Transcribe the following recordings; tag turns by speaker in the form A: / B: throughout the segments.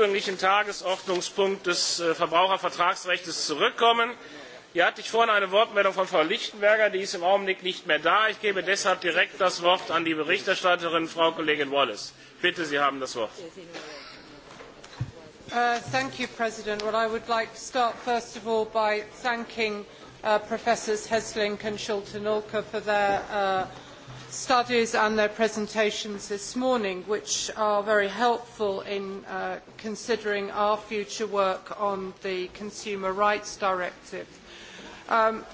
A: ursprünglichen Tagesordnungspunkt des äh, Verbrauchervertragsrechts zurückkommen. Hier hatte ich vorhin eine Wortmeldung von Frau Lichtenberger, die ist im Augenblick nicht mehr da. Ich gebe deshalb direkt das Wort an die Berichterstatterin, Frau Kollegin Wallace. Bitte, Sie haben das Wort.
B: Uh, thank you, President. Well, I would like to start first of all by thanking uh, Professors Heslink and Schulte-Nolke for their uh, studies and their presentations this morning, which are very helpful in uh, considering our future work on the Consumer Rights Directive. Um,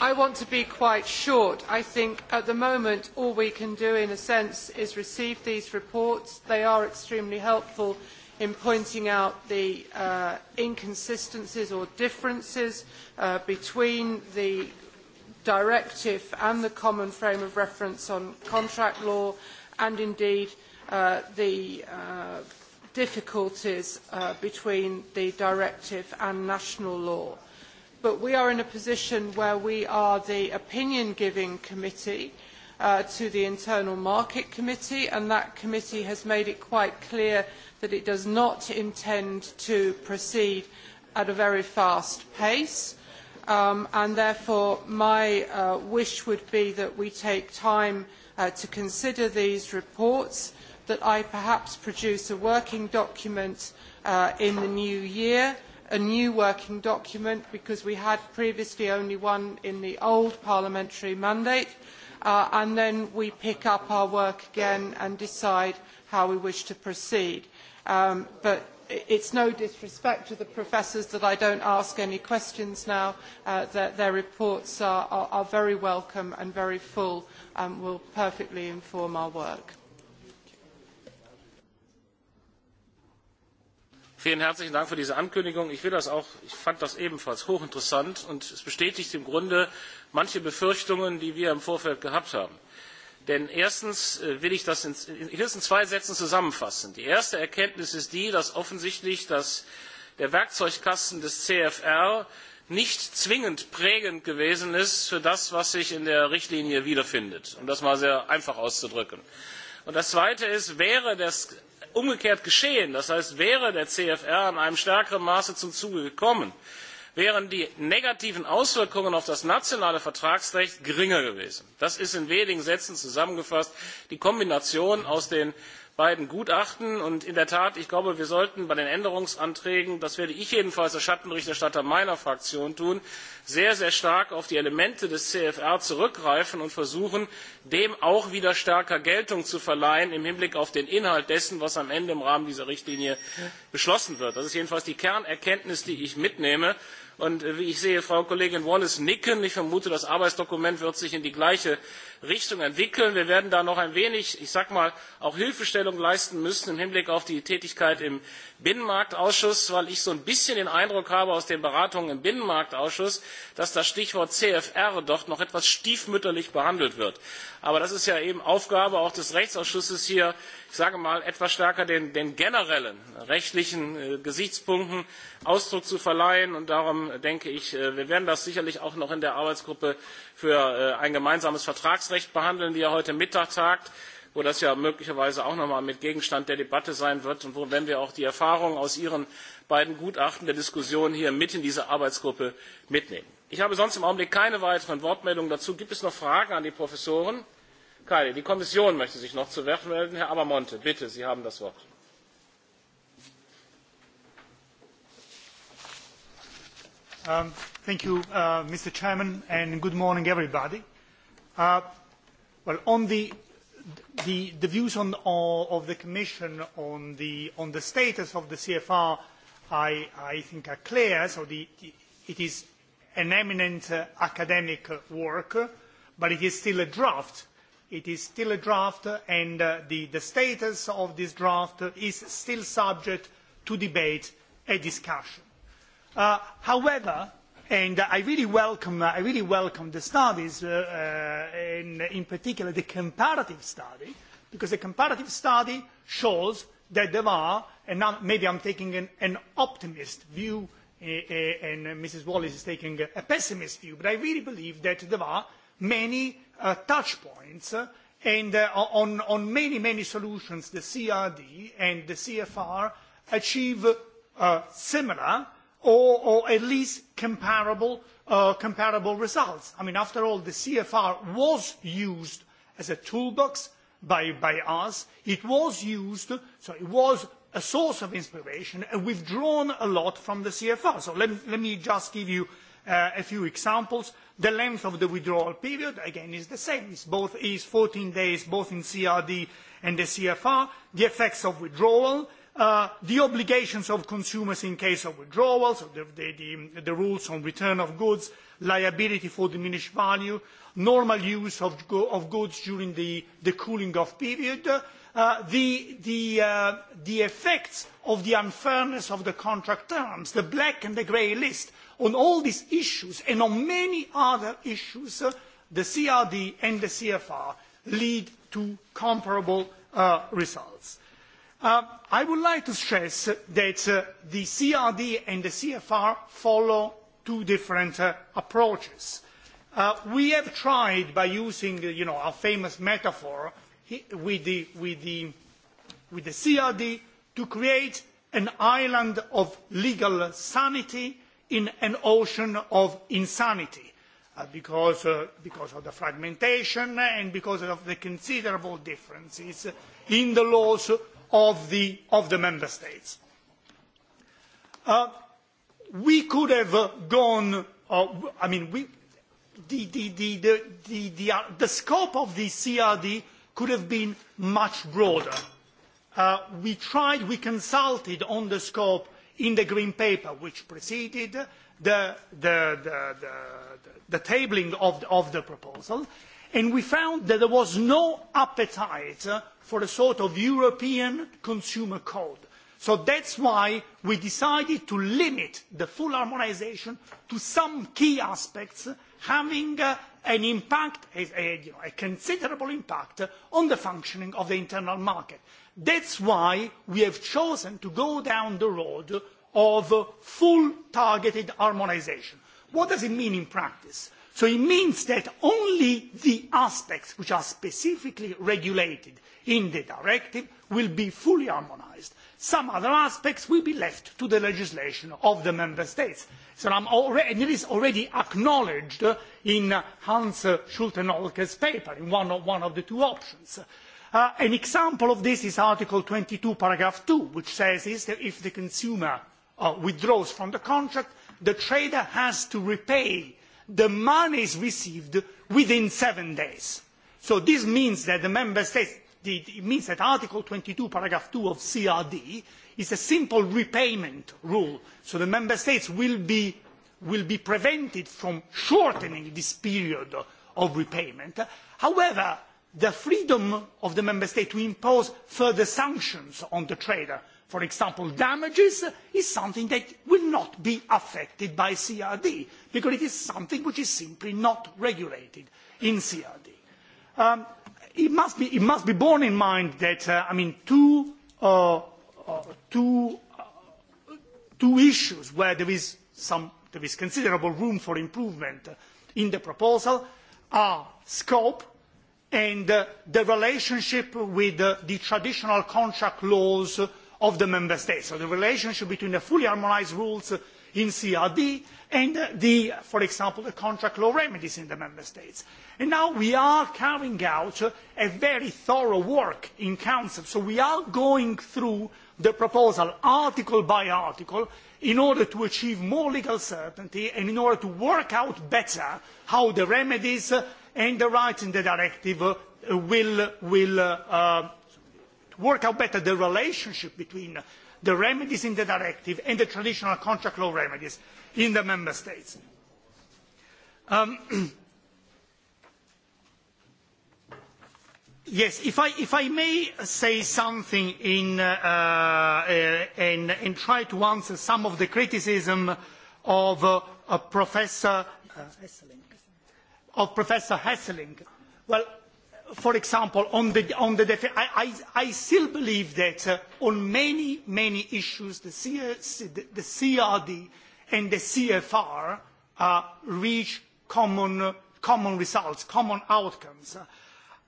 B: I want to be quite short. I think at the moment all we can do in a sense is receive these reports. They are extremely helpful in pointing out the uh, inconsistencies or differences uh, between the directive and the common frame of reference on contract law and indeed uh, the uh, difficulties uh, between the directive and national law. But we are in a position where we are the opinion-giving committee uh, to the Internal Market Committee, and that committee has made it quite clear that it does not intend to proceed at a very fast pace um, and therefore my uh, wish would be that we take time uh, to consider these reports, that I perhaps produce a working document uh, in the new year, a new working document because we had previously only one in the old parliamentary mandate, uh, and then we pick up our work again and decide how we wish to proceed. Um, but it's no disrespect to the professors that I don't ask any questions now. Uh, their, reports are, are, are very welcome and very full and will perfectly inform our work.
A: Vielen herzlichen Dank für diese Ankündigung. Ich, will das auch, ich fand das ebenfalls hochinteressant und es bestätigt im Grunde manche Befürchtungen, die wir im Vorfeld gehabt haben. Denn erstens äh, will ich das in höchstens zwei Sätzen zusammenfassen. Die erste Erkenntnis ist die, dass offensichtlich dass der Werkzeugkasten des CFR nicht zwingend prägend gewesen ist für das, was sich in der Richtlinie wiederfindet, um das mal sehr einfach auszudrücken. Und das Zweite ist, wäre das umgekehrt geschehen, das heißt, wäre der CFR in einem stärkeren Maße zum Zuge gekommen, wären die negativen Auswirkungen auf das nationale Vertragsrecht geringer gewesen. Das ist in wenigen Sätzen zusammengefasst die Kombination aus den beiden Gutachten. Und in der Tat, ich glaube, wir sollten bei den Änderungsanträgen, das werde ich jedenfalls als Schattenberichterstatter meiner Fraktion tun, sehr, sehr stark auf die Elemente des CFR zurückgreifen und versuchen, dem auch wieder stärker Geltung zu verleihen im Hinblick auf den Inhalt dessen, was am Ende im Rahmen dieser Richtlinie beschlossen wird. Das ist jedenfalls die Kernerkenntnis, die ich mitnehme. Und äh, wie ich sehe, Frau Kollegin Wallace nicken. Ich vermute, das Arbeitsdokument wird sich in die gleiche Richtung entwickeln. Wir werden da noch ein wenig, ich sag mal, auch Hilfestellung leisten müssen im Hinblick auf die Tätigkeit im Binnenmarktausschuss, weil ich so ein bisschen den Eindruck habe aus den Beratungen im Binnenmarktausschuss, dass das Stichwort CFR dort noch etwas stiefmütterlich behandelt wird. Aber das ist ja eben Aufgabe auch des Rechtsausschusses hier, ich sage mal, etwas stärker den, den generellen rechtlichen äh, Gesichtspunkten Ausdruck zu verleihen. Und darum denke ich, äh, wir werden das sicherlich auch noch in der Arbeitsgruppe für äh, ein gemeinsames Vertragsrecht behandeln, die ja heute Mittag tagt wo das ja möglicherweise auch noch einmal mit Gegenstand der Debatte sein wird und wo, wenn wir auch die Erfahrungen aus Ihren beiden Gutachten der Diskussion hier mit in diese Arbeitsgruppe mitnehmen. Ich habe sonst im Augenblick keine weiteren Wortmeldungen dazu. Gibt es noch Fragen an die Professoren? Keine. Die Kommission möchte sich noch zu Wort melden. Herr Abamonte, bitte, Sie haben das Wort.
C: Um, thank you, uh, Mr. Chairman, and good morning, everybody. Uh, well, on the the, the views on, uh, of the Commission on the, on the status of the CFR, I, I think, are clear. So the, it is an eminent uh, academic work, but it is still a draft. It is still a draft, and uh, the, the status of this draft is still subject to debate and discussion. Uh, however, And I really welcome, I really welcome the studies, uh, uh, in, in particular the comparative study, because the comparative study shows that there are, and now maybe I'm taking an, an optimist view, uh, uh, and Mrs. Wallace is taking a, a pessimist view, but I really believe that there are many uh, touch points uh, and uh, on, on many, many solutions, the CRD and the CFR achieve uh, similar or, or at least comparable, uh, comparable results. I mean, after all, the CFR was used as a toolbox by, by us. It was used, so it was a source of inspiration, and we've drawn a lot from the CFR. So let, let me just give you uh, a few examples. The length of the withdrawal period, again, is the same. It's both is 14 days, both in CRD and the CFR. The effects of withdrawal, Uh, the obligations of consumers in case of withdrawals, the, the, the, the rules on return of goods, liability for diminished value, normal use of, of goods during the, the cooling off period, uh, the, the, uh, the effects of the unfairness of the contract terms, the black and the grey list, on all these issues and on many other issues, uh, the CRD and the CFR lead to comparable uh, results. Uh, I would like to stress that uh, the CRD and the CFR follow two different uh, approaches. Uh, we have tried by using uh, you know, our famous metaphor with the, with, the, with the CRD to create an island of legal sanity in an ocean of insanity uh, because, because of the fragmentation and because of the considerable differences in the laws of the, of the member states. Uh, we could have gone, uh, I mean, we, the, the, the, the, the, the, uh, the scope of the CRD could have been much broader. Uh, we tried, we consulted on the scope in the Green Paper, which preceded the, the, the, the, the, the tabling of the, of the proposal, And we found that there was no appetite for a sort of European consumer code. So that's why we decided to limit the full harmonisation to some key aspects having uh, an impact, a, a, you know, a considerable impact on the functioning of the internal market. That's why we have chosen to go down the road of full targeted harmonisation. What does it mean in practice? So it means that only the aspects which are specifically regulated in the directive will be fully harmonised. Some other aspects will be left to the legislation of the member states. So I'm already, and it is already acknowledged uh, in Hans Schultenolke's paper, in one of, one of the two options. Uh, an example of this is Article twenty two, paragraph two, which says is that if the consumer uh, withdraws from the contract, the trader has to repay the money is received within seven days. So this means that the member states, it means that Article twenty two, paragraph two of CRD is a simple repayment rule. So the member states will be, will be prevented from shortening this period of repayment. However, the freedom of the member state to impose further sanctions on the trader for example, damages, is something that will not be affected by CRD, because it is something which is simply not regulated in CRD. Um, it, must be, it must be borne in mind that, uh, I mean, two, uh, uh, two, uh, two issues where there is, some, there is considerable room for improvement in the proposal are scope and uh, the relationship with uh, the traditional contract laws uh, of the member states. So the relationship between the fully harmonised rules uh, in CRD and uh, the, for example, the contract law remedies in the member states. And now we are carrying out uh, a very thorough work in council. So we are going through the proposal article by article in order to achieve more legal certainty and in order to work out better how the remedies and the rights in the directive will, will uh, work out better the relationship between the remedies in the directive and the traditional contract law remedies in the member states. Um, yes, if I, if I may say something in, uh, uh, and, and try to answer some of the criticism of uh, uh, Professor uh, of Professor Hesseling. Well, for example, on the, on the I, I, I still believe that uh, on many, many issues, the, CS, the CRD and the CFR uh, reach common, uh, common results, common outcomes.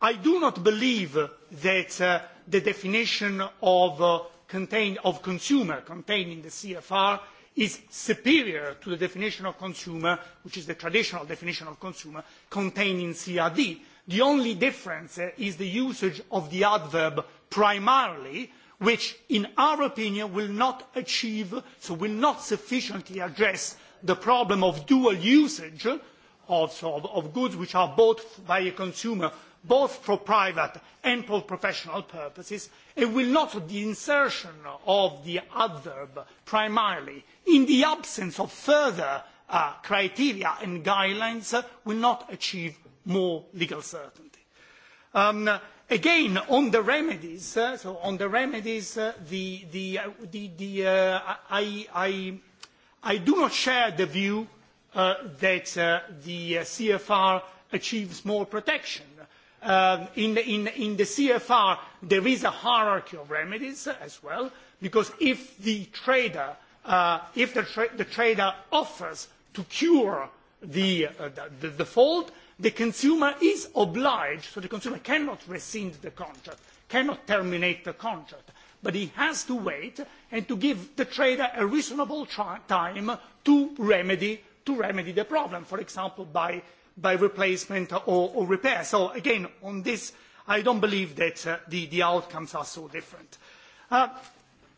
C: I do not believe that uh, the definition of, uh, contain, of consumer contained in the CFR is superior to the definition of consumer, which is the traditional definition of consumer, contained in CRD The only difference uh, is the usage of the adverb primarily, which in our opinion will not achieve, so will not sufficiently address the problem of dual usage of, of, of goods which are bought by a consumer both for private and for professional purposes, and will not the insertion of the adverb primarily in the absence of further uh, criteria and guidelines uh, will not achieve more legal certainty. Um, again, on the remedies, uh, so on the remedies, uh, the, the, uh, the, the, uh, I, I, I do not share the view uh, that uh, the uh, CFR achieves more protection. Uh, in, in, in the CFR, there is a hierarchy of remedies as well, because if the trader, uh, if the, tra the trader offers to cure the, uh, the, the fault, the consumer is obliged, so the consumer cannot rescind the contract, cannot terminate the contract, but he has to wait and to give the trader a reasonable time to remedy, to remedy the problem, for example, by, by replacement or, or repair. So again, on this, I don't believe that uh, the, the outcomes are so different. Uh,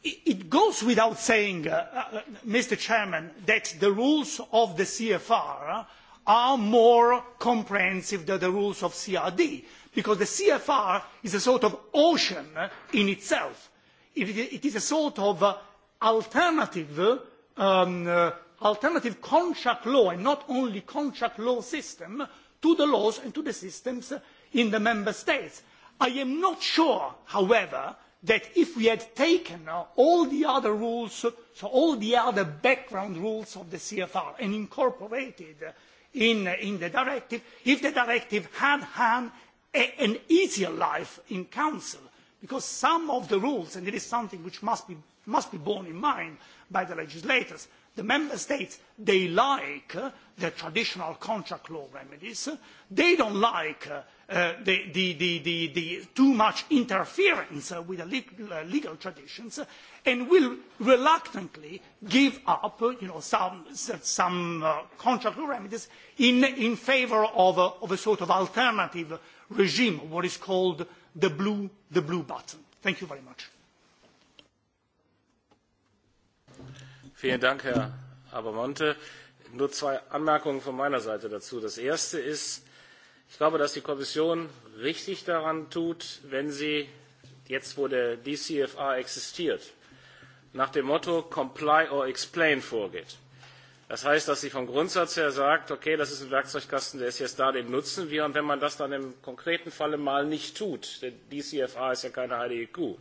C: it, it goes without saying, uh, uh, Mr. Chairman, that the rules of the CFR are more comprehensive than the rules of CRD, because the CFR is a sort of ocean in itself. It, is a sort of uh, alternative, um, uh, alternative contract law, and not only contract law system, to the laws and to the systems in the member states. I am not sure, however, that if we had taken all the other rules, so all the other background rules of the CFR and incorporated in, in the directive, if the directive had had a, an easier life in council, because some of the rules, and it is something which must be, must be borne in mind by the legislators, the member states, they like uh, the traditional contract law remedies. They don't like uh, uh, the, the, the, the, the too much interference uh, with the legal, uh, legal traditions uh, and will reluctantly give up uh, you know, some, some uh, contractual remedies in, in favor of a, uh, of a sort of alternative regime, what is called the blue, the blue button. Thank you very much.
A: Vielen Dank, Herr Abermonte. Nur zwei Anmerkungen von meiner Seite dazu. Das erste ist, Ich glaube, dass die Kommission richtig daran tut, wenn sie jetzt, wo der DCFR existiert, nach dem Motto Comply or Explain vorgeht. Das heißt, dass sie vom Grundsatz her sagt, okay, das ist ein Werkzeugkasten, der ist jetzt da, den nutzen wir. Und wenn man das dann im konkreten Falle mal nicht tut, denn DCFA ist ja keine heilige Kuh,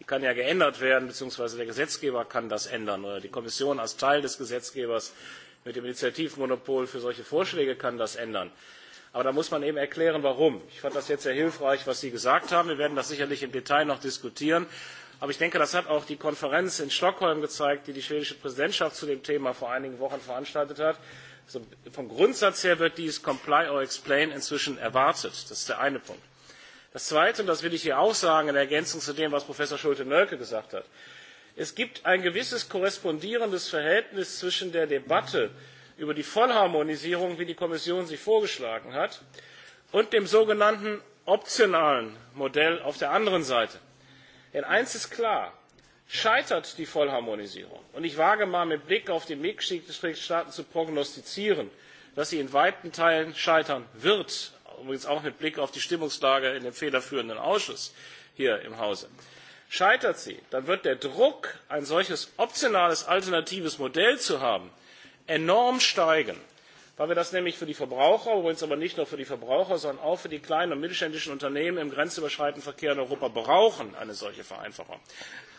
A: die kann ja geändert werden, beziehungsweise der Gesetzgeber kann das ändern oder die Kommission als Teil des Gesetzgebers mit dem Initiativmonopol für solche Vorschläge kann das ändern. Aber da muss man eben erklären, warum. Ich fand das jetzt sehr hilfreich, was Sie gesagt haben. Wir werden das sicherlich im Detail noch diskutieren. Aber ich denke, das hat auch die Konferenz in Stockholm gezeigt, die die schwedische Präsidentschaft zu dem Thema vor einigen Wochen veranstaltet hat. Also vom Grundsatz her wird dies Comply or Explain inzwischen erwartet. Das ist der eine Punkt. Das Zweite, und das will ich hier auch sagen, in Ergänzung zu dem, was Professor Schulte-Nölke gesagt hat. Es gibt ein gewisses korrespondierendes Verhältnis zwischen der Debatte über die Vollharmonisierung, wie die Kommission sie vorgeschlagen hat, und dem sogenannten optionalen Modell auf der anderen Seite. Denn eins ist klar, scheitert die Vollharmonisierung. Und ich wage mal mit Blick auf die Mitgliedstaaten zu prognostizieren, dass sie in weiten Teilen scheitern wird, übrigens auch mit Blick auf die Stimmungslage in dem federführenden Ausschuss hier im Hause. Scheitert sie, dann wird der Druck, ein solches optionales alternatives Modell zu haben, enorm steigen, weil wir das nämlich für die Verbraucher, übrigens aber nicht nur für die Verbraucher, sondern auch für die kleinen und mittelständischen Unternehmen im grenzüberschreitenden Verkehr in Europa brauchen, eine solche Vereinfachung.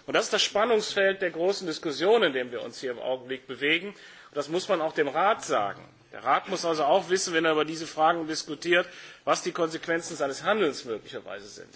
A: Und das ist das Spannungsfeld der großen Diskussion, in dem wir uns hier im Augenblick bewegen. Und das muss man auch dem Rat sagen. Der Rat muss also auch wissen, wenn er über diese Fragen diskutiert, was die Konsequenzen seines Handelns möglicherweise sind.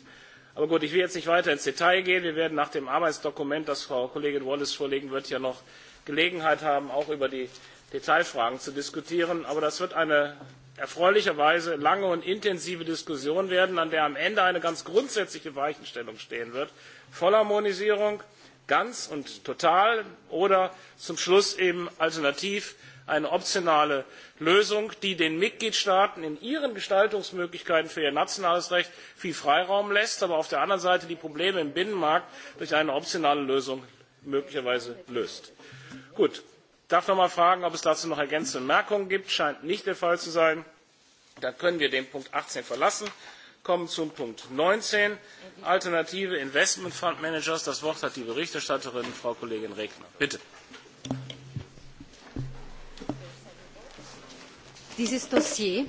A: Aber gut, ich will jetzt nicht weiter ins Detail gehen. Wir werden nach dem Arbeitsdokument, das Frau Kollegin Wallace vorlegen wird, ja noch Gelegenheit haben, auch über die Detailfragen zu diskutieren. Aber das wird eine erfreulicherweise lange und intensive Diskussion werden, an der am Ende eine ganz grundsätzliche Weichenstellung stehen wird. Vollharmonisierung, ganz und total oder zum Schluss eben alternativ eine optionale Lösung, die den Mitgliedstaaten in ihren Gestaltungsmöglichkeiten für ihr nationales Recht viel Freiraum lässt, aber auf der anderen Seite die Probleme im Binnenmarkt durch eine optionale Lösung möglicherweise löst. Gut, darf noch mal fragen, ob es dazu noch ergänzende Merkungen gibt. Scheint nicht der Fall zu sein. Dann können wir den Punkt 18 verlassen. Kommen zum Punkt 19. Alternative Investment Fund Managers. Das Wort hat die Berichterstatterin, Frau Kollegin Regner. Bitte.
D: Dieses Dossier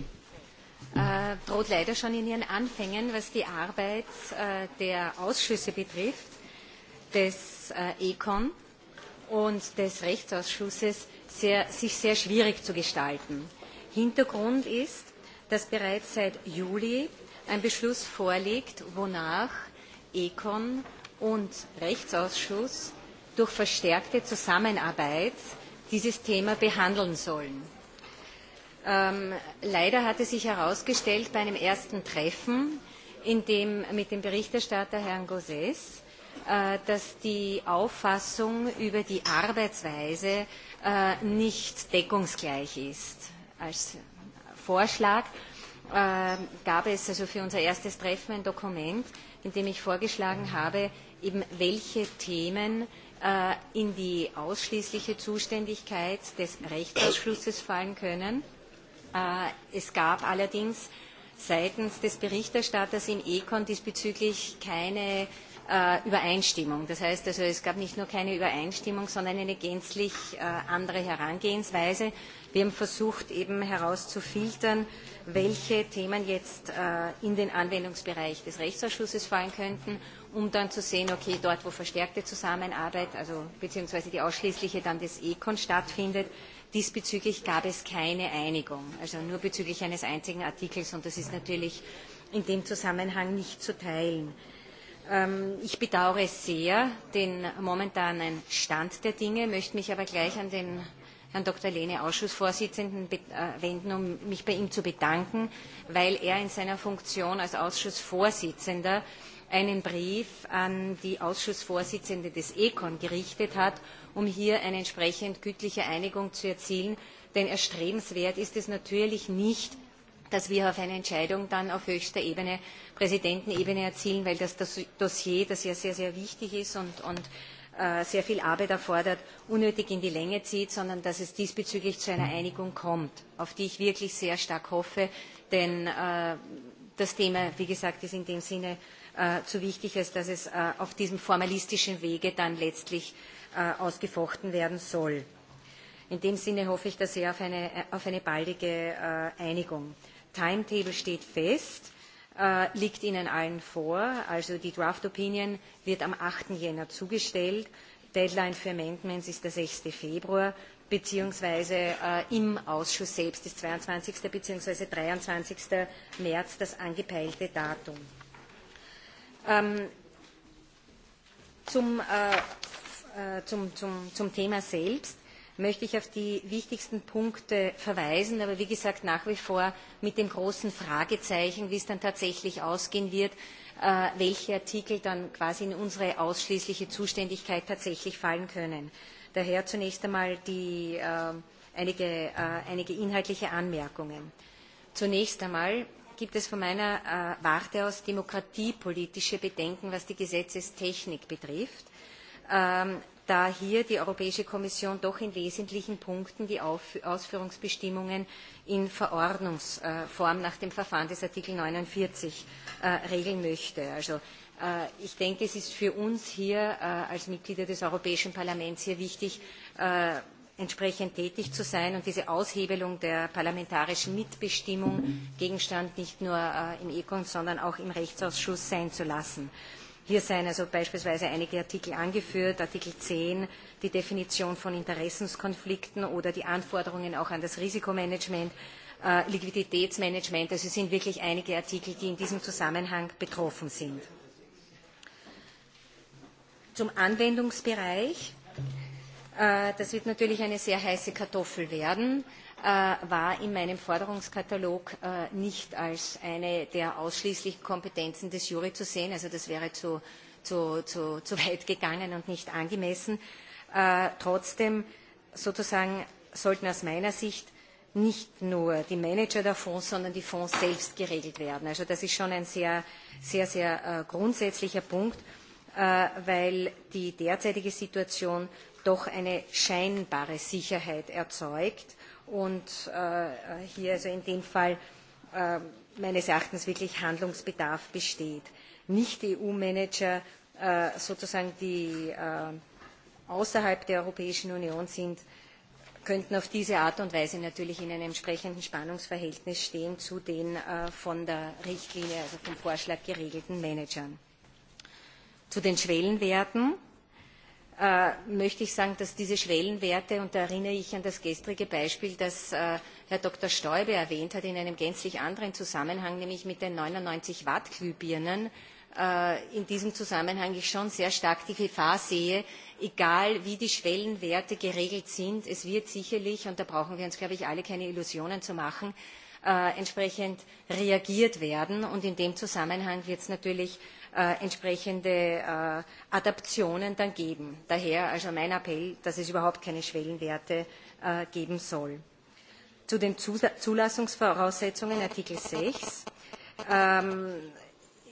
D: äh, droht leider schon in ihren Anfängen, was die Arbeit äh, der Ausschüsse betrifft, des äh, ECON und des Rechtsausschusses sehr, sich sehr schwierig zu gestalten. Hintergrund ist, dass bereits seit Juli ein Beschluss vorliegt, wonach Econ und Rechtsausschuss durch verstärkte Zusammenarbeit dieses Thema behandeln sollen. Ähm, leider hatte sich herausgestellt bei einem ersten Treffen in dem, mit dem Berichterstatter Herrn Gauzès, Äh, dass die Auffassung über die Arbeitsweise äh, nicht deckungsgleich ist. Als Vorschlag äh, gab es also für unser erstes Treffen ein Dokument, in dem ich vorgeschlagen habe, eben welche Themen in die ausschließliche Zuständigkeit des Rechtsausschusses fallen können. Es gab allerdings seitens des Berichterstatters im Econ diesbezüglich keine äh, Übereinstimmung. Das heißt also, es gab nicht nur keine Übereinstimmung, sondern eine gänzlich äh, andere Herangehensweise. Wir haben versucht, eben herauszufiltern, welche Themen jetzt äh, in den Anwendungsbereich des Rechtsausschusses fallen könnten, um dann zu sehen, okay, dort, wo verstärkte Zusammenarbeit, also beziehungsweise die ausschließliche dann des ECON stattfindet, diesbezüglich gab es keine Einigung, also nur bezüglich eines einzigen Artikels und das ist natürlich in dem Zusammenhang nicht zu teilen. Äh, Ähm, ich bedauere sehr den momentanen Stand der Dinge, möchte mich aber gleich an den Herrn Dr. Lehne, Ausschussvorsitzenden, äh, wenden, um mich bei ihm zu bedanken, weil er in seiner Funktion als Ausschussvorsitzender einen Brief an die Ausschussvorsitzende des ECON gerichtet hat, um hier eine entsprechend gütliche Einigung zu erzielen. Denn erstrebenswert ist es natürlich nicht, dass wir auf eine Entscheidung dann auf höchster Ebene, Präsidentenebene erzielen, weil das Dossier, das ja sehr, sehr wichtig ist und, und äh, sehr viel Arbeit erfordert, unnötig in die Länge zieht, sondern dass es diesbezüglich zu einer Einigung kommt, auf die ich wirklich sehr stark hoffe, denn äh, das Thema, wie gesagt, ist in dem Sinne äh, zu wichtig, als dass es äh, auf diesem formalistischen Wege dann letztlich äh, ausgefochten werden soll. In dem Sinne hoffe ich da sehr auf eine, auf eine baldige äh, Einigung. Äh, Timetable steht fest, äh, liegt Ihnen allen vor. Also die Draft Opinion wird am 8. Jänner zugestellt. Deadline für Amendments ist der 6. Februar beziehungsweise äh, im Ausschuss selbst ist 22. beziehungsweise 23. März das angepeilte Datum. Ähm, zum, äh, äh, zum, zum, zum Thema selbst möchte ich auf die wichtigsten Punkte verweisen, aber wie gesagt nach wie vor mit dem großen Fragezeichen, wie es dann tatsächlich ausgehen wird, äh, welche Artikel dann quasi in unsere ausschließliche Zuständigkeit tatsächlich fallen können. Daher zunächst einmal die, äh, einige, äh, einige inhaltliche Anmerkungen. Zunächst einmal gibt es von meiner äh, Warte aus demokratiepolitische Bedenken, was die Gesetzestechnik betrifft. Ähm, da hier die Europäische Kommission doch in wesentlichen Punkten die Auf Ausführungsbestimmungen in Verordnungsform nach dem Verfahren des Artikel 49 äh, regeln möchte. Also äh, Ich denke, es ist für uns hier äh, als Mitglieder des Europäischen Parlaments sehr wichtig, äh, entsprechend tätig zu sein und diese Aushebelung der parlamentarischen Mitbestimmung Gegenstand nicht nur im Econ, sondern auch im Rechtsausschuss sein zu lassen. Hier seien also beispielsweise einige Artikel angeführt, Artikel 10, die Definition von Interessenskonflikten oder die Anforderungen auch an das Risikomanagement, äh, Liquiditätsmanagement. Also es sind wirklich einige Artikel, die in diesem Zusammenhang betroffen sind. Zum Anwendungsbereich. Äh, das wird natürlich eine sehr heiße Kartoffel werden. Äh, war in meinem Forderungskatalog äh, nicht als eine der ausschließlichen Kompetenzen des Jury zu sehen. Also das wäre zu, zu, zu, zu weit gegangen und nicht angemessen. Äh, trotzdem sozusagen sollten aus meiner Sicht nicht nur die Manager der Fonds, sondern die Fonds selbst geregelt werden. Also das ist schon ein sehr, sehr, sehr äh, grundsätzlicher Punkt, äh, weil die derzeitige Situation doch eine scheinbare Sicherheit erzeugt und äh, hier also in dem Fall äh, meines Erachtens wirklich Handlungsbedarf besteht. Nicht-EU-Manager äh, sozusagen, die äh, außerhalb der Europäischen Union sind, könnten auf diese Art und Weise natürlich in einem entsprechenden Spannungsverhältnis stehen zu den äh, von der Richtlinie, also vom Vorschlag geregelten Managern. Zu den Schwellenwerten äh, möchte ich sagen, dass diese Schwellenwerte, und da erinnere ich an das gestrige Beispiel, das äh, Herr Dr. Stoibe erwähnt hat, in einem gänzlich anderen Zusammenhang, nämlich mit den 99 Watt Glühbirnen, äh, in diesem Zusammenhang ich schon sehr stark die Gefahr sehe, egal wie die Schwellenwerte geregelt sind, es wird sicherlich, und da brauchen wir uns, glaube ich, alle keine Illusionen zu machen, äh, entsprechend reagiert werden. Und in dem Zusammenhang wird es natürlich äh, entsprechende äh, Adaptionen dann geben. Daher also mein Appell, dass es überhaupt keine Schwellenwerte äh, geben soll. Zu den Zulassungsvoraussetzungen Artikel 6 ähm,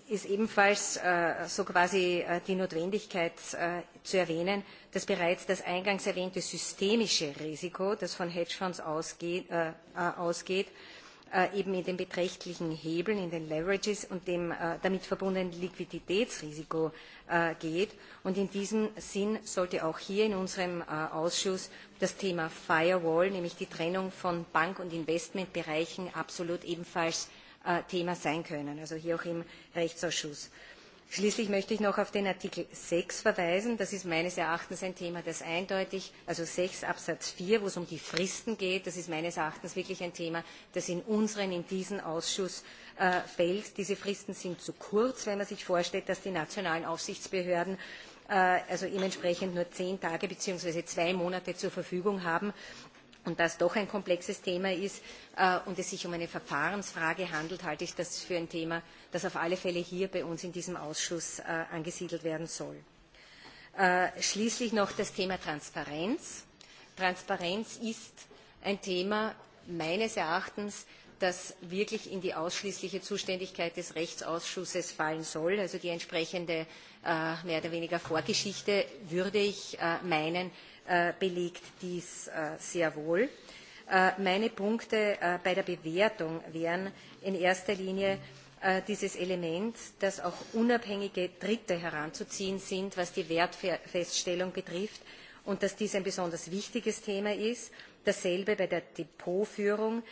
D: ist ebenfalls äh, so quasi äh, die Notwendigkeit äh, zu erwähnen, dass bereits das eingangs erwähnte systemische Risiko, das von Hedgefonds ausgeht, äh, äh, ausgeht äh, eben in den beträchtlichen Hebeln, in den Leverages und dem äh, damit verbundenen Liquiditätsrisiko äh, geht. Und in diesem Sinn sollte auch hier in unserem äh, Ausschuss das Thema Firewall, nämlich die Trennung von Bank- und Investmentbereichen, absolut ebenfalls äh, Thema sein können, also hier auch im Rechtsausschuss. Äh, Schließlich möchte ich noch auf den Artikel 6 verweisen. Das ist meines Erachtens ein Thema, das eindeutig, also 6 Absatz 4, wo es um die Fristen geht, das ist meines Erachtens wirklich ein Thema, das in unseren, in diesen Ausschuss äh, fällt. Diese Fristen sind zu kurz, wenn man sich vorstellt, dass die nationalen Aufsichtsbehörden äh, also dementsprechend nur zehn Tage bzw. zwei Monate zur Verfügung haben, und das doch ein komplexes Thema ist äh, und es sich um eine Verfahrensfrage handelt, halte ich das für ein Thema, das auf alle Fälle hier bei uns in diesem Ausschuss äh, angesiedelt werden soll. Äh, schließlich noch das Thema Transparenz. Transparenz ist ein Thema meines Erachtens, das wirklich in die ausschließliche Zuständigkeit des Rechtsausschusses fallen soll. Also die entsprechende äh, mehr oder weniger Vorgeschichte, würde ich äh, meinen, Äh, belegt dies äh, sehr wohl. Äh, meine Punkte bei der Bewertung wären in erster Linie dieses Element, dass auch unabhängige Dritte heranzuziehen sind, was die Wertfeststellung betrifft und dass dies ein besonders wichtiges Thema ist. Dasselbe bei der Depotführung,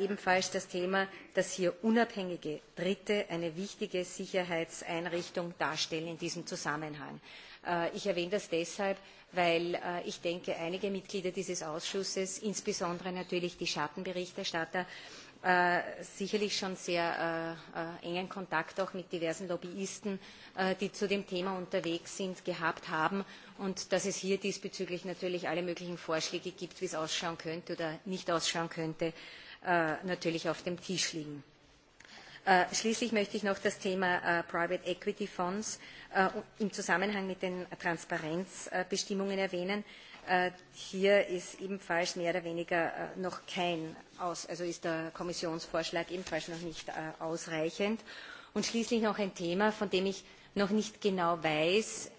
D: ebenfalls das Thema, dass hier unabhängige Dritte eine wichtige Sicherheitseinrichtung darstellen in diesem Zusammenhang. darstellen. ich erwähne das deshalb, weil äh, ich denke, einige Mitglieder dieses Ausschusses, insbesondere natürlich die Schattenberichterstatter, äh, sicherlich schon sehr äh, äh, engen Kontakt auch mit diversen Lobbyisten, äh, die zu dem Thema unterwegs sind, gehabt haben und dass es hier diesbezüglich natürlich alle möglichen Vorschläge gibt, wie es ausschauen könnte oder nicht ausschauen könnte, äh, natürlich auf dem Tisch liegen. Äh, schließlich möchte ich noch das Thema äh, Private Equity Fonds äh, im Zusammenhang mit den Transparenzbestimmungen erwähnen. Hier ist ebenfalls mehr oder weniger noch kein Aus, also ist der Kommissionsvorschlag ebenfalls noch nicht ausreichend. Und schließlich noch ein Thema, von dem ich noch nicht genau weiß,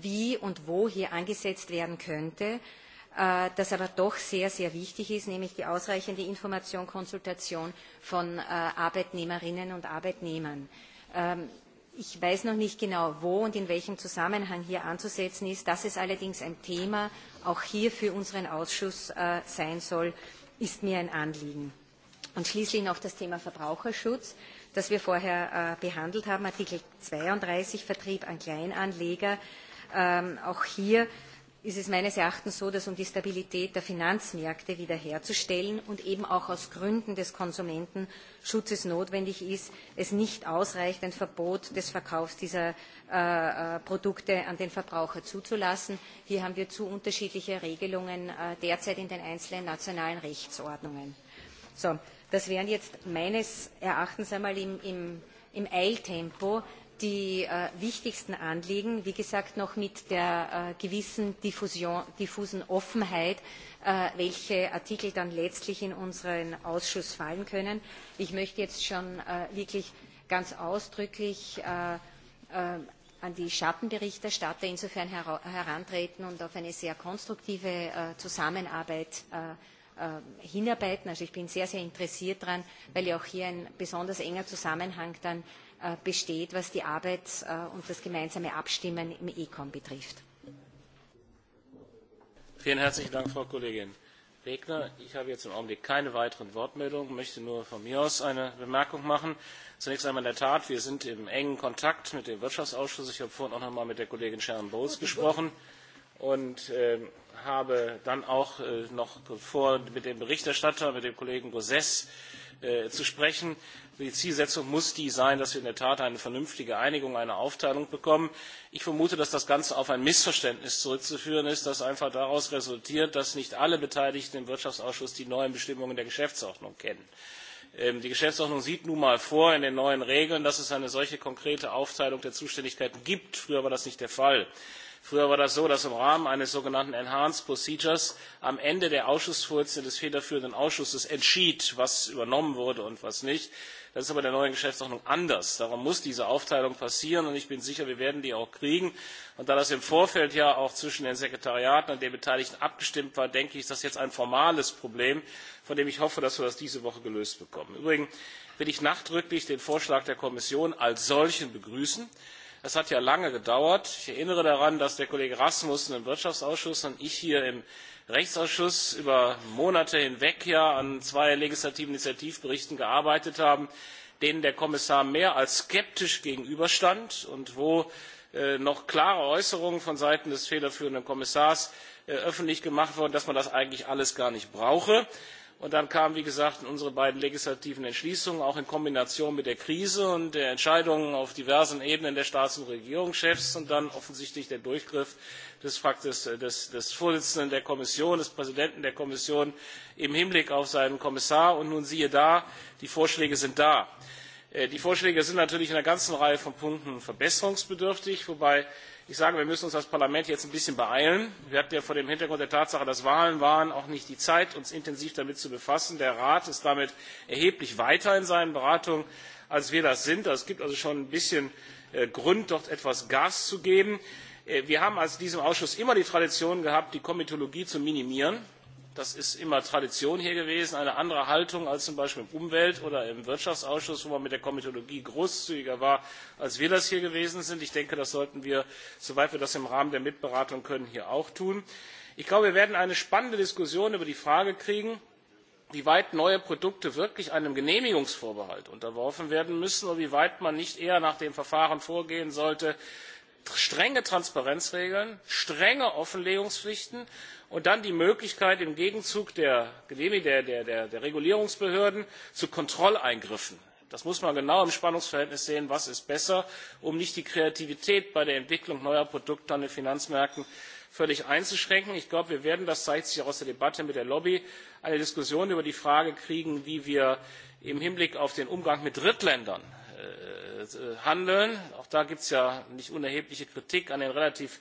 D: wie und wo hier angesetzt werden könnte. Äh, das aber doch sehr, sehr wichtig ist, nämlich die ausreichende Information, Konsultation von äh, Arbeitnehmerinnen und Arbeitnehmern. Ähm, ich weiß noch nicht genau, wo und in welchem Zusammenhang hier anzusetzen ist. Dass es allerdings ein Thema auch hier für unseren Ausschuss äh, sein soll, ist mir ein Anliegen. Und schließlich noch das Thema Verbraucherschutz, das wir vorher behandelt haben, Artikel 32 Vertrieb an Kleinanleger. Ähm, auch hier ist es meines Erachtens so, dass um die Stabilität der Finanzmärkte wiederherzustellen und eben auch aus Gründen des Konsumentenschutzes notwendig ist, es nicht ausreicht, ein Verbot des Verkaufs dieser äh, äh, Produkte an den Verbraucher zuzulassen. Hier haben wir zu unterschiedliche Regelungen äh, derzeit in den einzelnen nationalen Rechtsordnungen. So, das wären jetzt meines Erachtens einmal im, im, im Eiltempo die äh, wichtigsten Anliegen, wie gesagt, noch mit der äh, gewissen Diffusion, diffusen Offenheit, äh, welche Artikel dann letztlich in unseren Ausschuss fallen können. Ich möchte jetzt schon äh, wirklich ganz ausdrücklich äh, äh, an die Schattenberichterstatter insofern her herantreten und auf eine sehr konstruktive äh, Zusammenarbeit äh, äh hinarbeiten. Also ich bin sehr, sehr interessiert daran, weil ja auch hier ein besonders enger Zusammenhang dann Äh, besteht, was die Arbeit äh, und das gemeinsame Abstimmen im ECOM betrifft.
A: Vielen herzlichen Dank, Frau Kollegin Regner. Ich habe jetzt im Augenblick keine weiteren Wortmeldungen, möchte nur von mir aus eine Bemerkung machen. Zunächst einmal in der Tat, wir sind im engen Kontakt mit dem Wirtschaftsausschuss. Ich habe vorhin auch noch einmal mit der Kollegin Sharon Bowles gesprochen. Gut und äh, habe dann auch äh, noch vor, mit dem Berichterstatter, mit dem Kollegen Gosses äh, zu sprechen. Die Zielsetzung muss die sein, dass wir in der Tat eine vernünftige Einigung, eine Aufteilung bekommen. Ich vermute, dass das Ganze auf ein Missverständnis zurückzuführen ist, das einfach daraus resultiert, dass nicht alle Beteiligten im Wirtschaftsausschuss die neuen Bestimmungen der Geschäftsordnung kennen. Ähm, die Geschäftsordnung sieht nun mal vor in den neuen Regeln, dass es eine solche konkrete Aufteilung der Zuständigkeiten gibt. Früher war das nicht der Fall. Früher war das so, dass im Rahmen eines sogenannten Enhanced Procedures am Ende der Ausschussvorsitzende des federführenden Ausschusses entschied, was übernommen wurde und was nicht. Das ist aber der neuen Geschäftsordnung anders. Darum muss diese Aufteilung passieren und ich bin sicher, wir werden die auch kriegen. Und da das im Vorfeld ja auch zwischen den Sekretariaten und den Beteiligten abgestimmt war, denke ich, ist das jetzt ein formales Problem, von dem ich hoffe, dass wir das diese Woche gelöst bekommen. Übrigens will ich nachdrücklich den Vorschlag der Kommission als solchen begrüßen. Es hat ja lange gedauert. Ich erinnere daran, dass der Kollege Rasmussen im Wirtschaftsausschuss und ich hier im Rechtsausschuss über Monate hinweg ja an zwei legislativen Initiativberichten gearbeitet haben, denen der Kommissar mehr als skeptisch gegenüberstand und wo äh, noch klare Äußerungen von Seiten des federführenden Kommissars äh, öffentlich gemacht wurden, dass man das eigentlich alles gar nicht brauche. Und dann kamen, wie gesagt, unsere beiden legislativen Entschließungen, auch in Kombination mit der Krise und der Entscheidungen auf diversen Ebenen der Staats- und Regierungschefs und dann offensichtlich der Durchgriff des, Faktes, äh, des, des Vorsitzenden der Kommission, des Präsidenten der Kommission im Hinblick auf seinen Kommissar. Und nun siehe da, die Vorschläge sind da. Äh, die Vorschläge sind natürlich in einer ganzen Reihe von Punkten verbesserungsbedürftig, wobei Ich sage, wir müssen uns als Parlament jetzt ein bisschen beeilen. Wir hatten ja vor dem Hintergrund der Tatsache, dass Wahlen waren, auch nicht die Zeit, uns intensiv damit zu befassen. Der Rat ist damit erheblich weiter in seinen Beratungen, als wir das sind. Es gibt also schon ein bisschen äh, Grund, dort etwas Gas zu geben. Äh, wir haben als diesem Ausschuss immer die Tradition gehabt, die Komitologie zu minimieren. Das ist immer Tradition hier gewesen, eine andere Haltung als zum Beispiel im Umwelt- oder im Wirtschaftsausschuss, wo man mit der Komitologie großzügiger war, als wir das hier gewesen sind. Ich denke, das sollten wir, soweit wir das im Rahmen der Mitberatung können, hier auch tun. Ich glaube, wir werden eine spannende Diskussion über die Frage kriegen, wie weit neue Produkte wirklich einem Genehmigungsvorbehalt unterworfen werden müssen und wie weit man nicht eher nach dem Verfahren vorgehen sollte, strenge Transparenzregeln, strenge Offenlegungspflichten und dann die Möglichkeit im Gegenzug der, Regulierungsbehörden zu Kontrolleingriffen. Das muss man genau im Spannungsverhältnis sehen, was ist besser, um nicht die Kreativität bei der Entwicklung neuer Produkte an den Finanzmärkten völlig einzuschränken. Ich glaube, wir werden, das zeigt sich auch aus der Debatte mit der Lobby, eine Diskussion über die Frage kriegen, wie wir im Hinblick auf den Umgang mit Drittländern äh, handeln. Auch da gibt es ja nicht unerhebliche Kritik an den relativ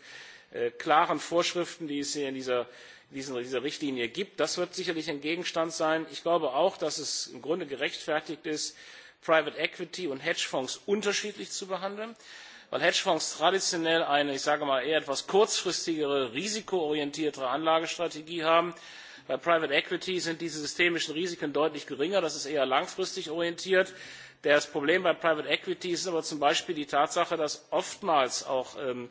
A: Äh, klaren Vorschriften, die es hier in dieser, diesen, dieser Richtlinie gibt. Das wird sicherlich ein Gegenstand sein. Ich glaube auch, dass es im Grunde gerechtfertigt ist, Private Equity und Hedgefonds unterschiedlich zu behandeln, weil Hedgefonds traditionell eine, ich sage mal, eher etwas kurzfristigere, risikoorientiertere Anlagestrategie haben. Bei Private Equity sind diese systemischen Risiken deutlich geringer, das ist eher langfristig orientiert. Das Problem bei Private Equity ist aber zum Beispiel die Tatsache, dass oftmals auch ähm,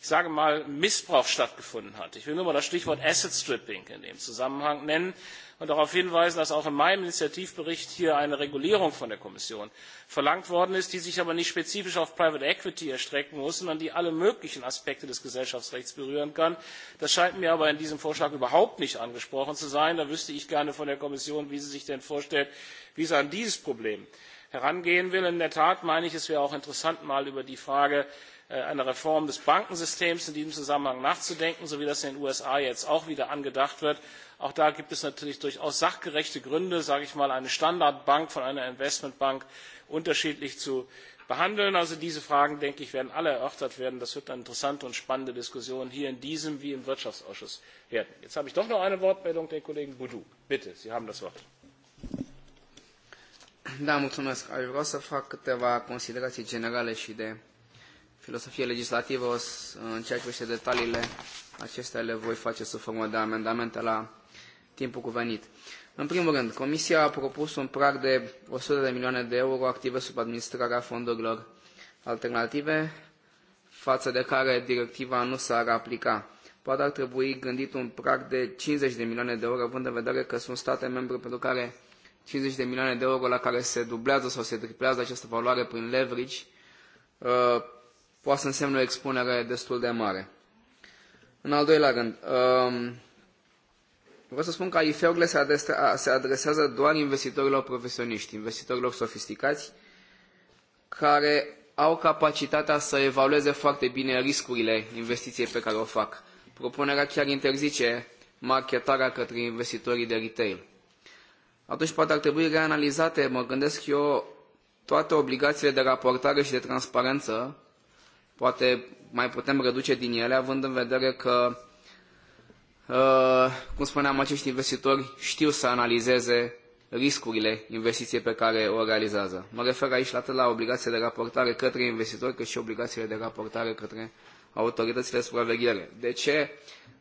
A: ich sage mal, Missbrauch stattgefunden hat. Ich will nur mal das Stichwort Asset Stripping in dem Zusammenhang nennen und darauf hinweisen, dass auch in meinem Initiativbericht hier eine Regulierung von der Kommission verlangt worden ist, die sich aber nicht spezifisch auf Private Equity erstrecken muss, sondern die alle möglichen Aspekte des Gesellschaftsrechts berühren kann. Das scheint mir aber in diesem Vorschlag überhaupt nicht angesprochen zu sein. Da wüsste ich gerne von der Kommission, wie sie sich denn vorstellt, wie sie an dieses Problem herangehen will. In der Tat meine ich, es wäre auch interessant, mal über die Frage Äh, einer Reform des Bankensystems in diesem Zusammenhang nachzudenken, so wie das in den USA jetzt auch wieder angedacht wird. Auch da gibt es natürlich durchaus sachgerechte Gründe, sage ich mal, eine Standardbank von einer Investmentbank unterschiedlich zu behandeln. Also diese Fragen, denke ich, werden alle erörtert werden. Das wird eine interessante und spannende Diskussion hier in diesem wie im Wirtschaftsausschuss werden. Jetzt habe ich doch noch eine Wortmeldung der Kollegen Boudou. Bitte, Sie haben das Wort.
E: Da, mulțumesc. Aș vrea să fac câteva considerații generale și de filosofie legislativă, o să, în detaliile acestea le voi face sub formă de amendamente la timpul cuvenit. În primul rând, Comisia a propus un prag de 100 de milioane de euro active sub administrarea fondurilor alternative, față de care directiva nu s-ar aplica. Poate ar trebui gândit un prag de 50 de milioane de euro, având în vedere că sunt state membre pentru care 50 de milioane de euro la care se dublează sau se triplează această valoare prin leverage, uh, poate să însemne o expunere destul de mare. În al doilea rând, um, vreau să spun că IFE-urile se, adresa, se adresează doar investitorilor profesioniști, investitorilor sofisticați, care au capacitatea să evalueze foarte bine riscurile investiției pe care o fac. Propunerea chiar interzice marketarea către investitorii de retail. Atunci poate ar trebui reanalizate, mă gândesc eu, toate obligațiile de raportare și de transparență poate mai putem reduce din ele, având în vedere că, uh, cum spuneam, acești investitori știu să analizeze riscurile investiției pe care o realizează. Mă refer aici atât la obligațiile de raportare către investitori, cât și obligațiile de raportare către autoritățile supraveghere. De ce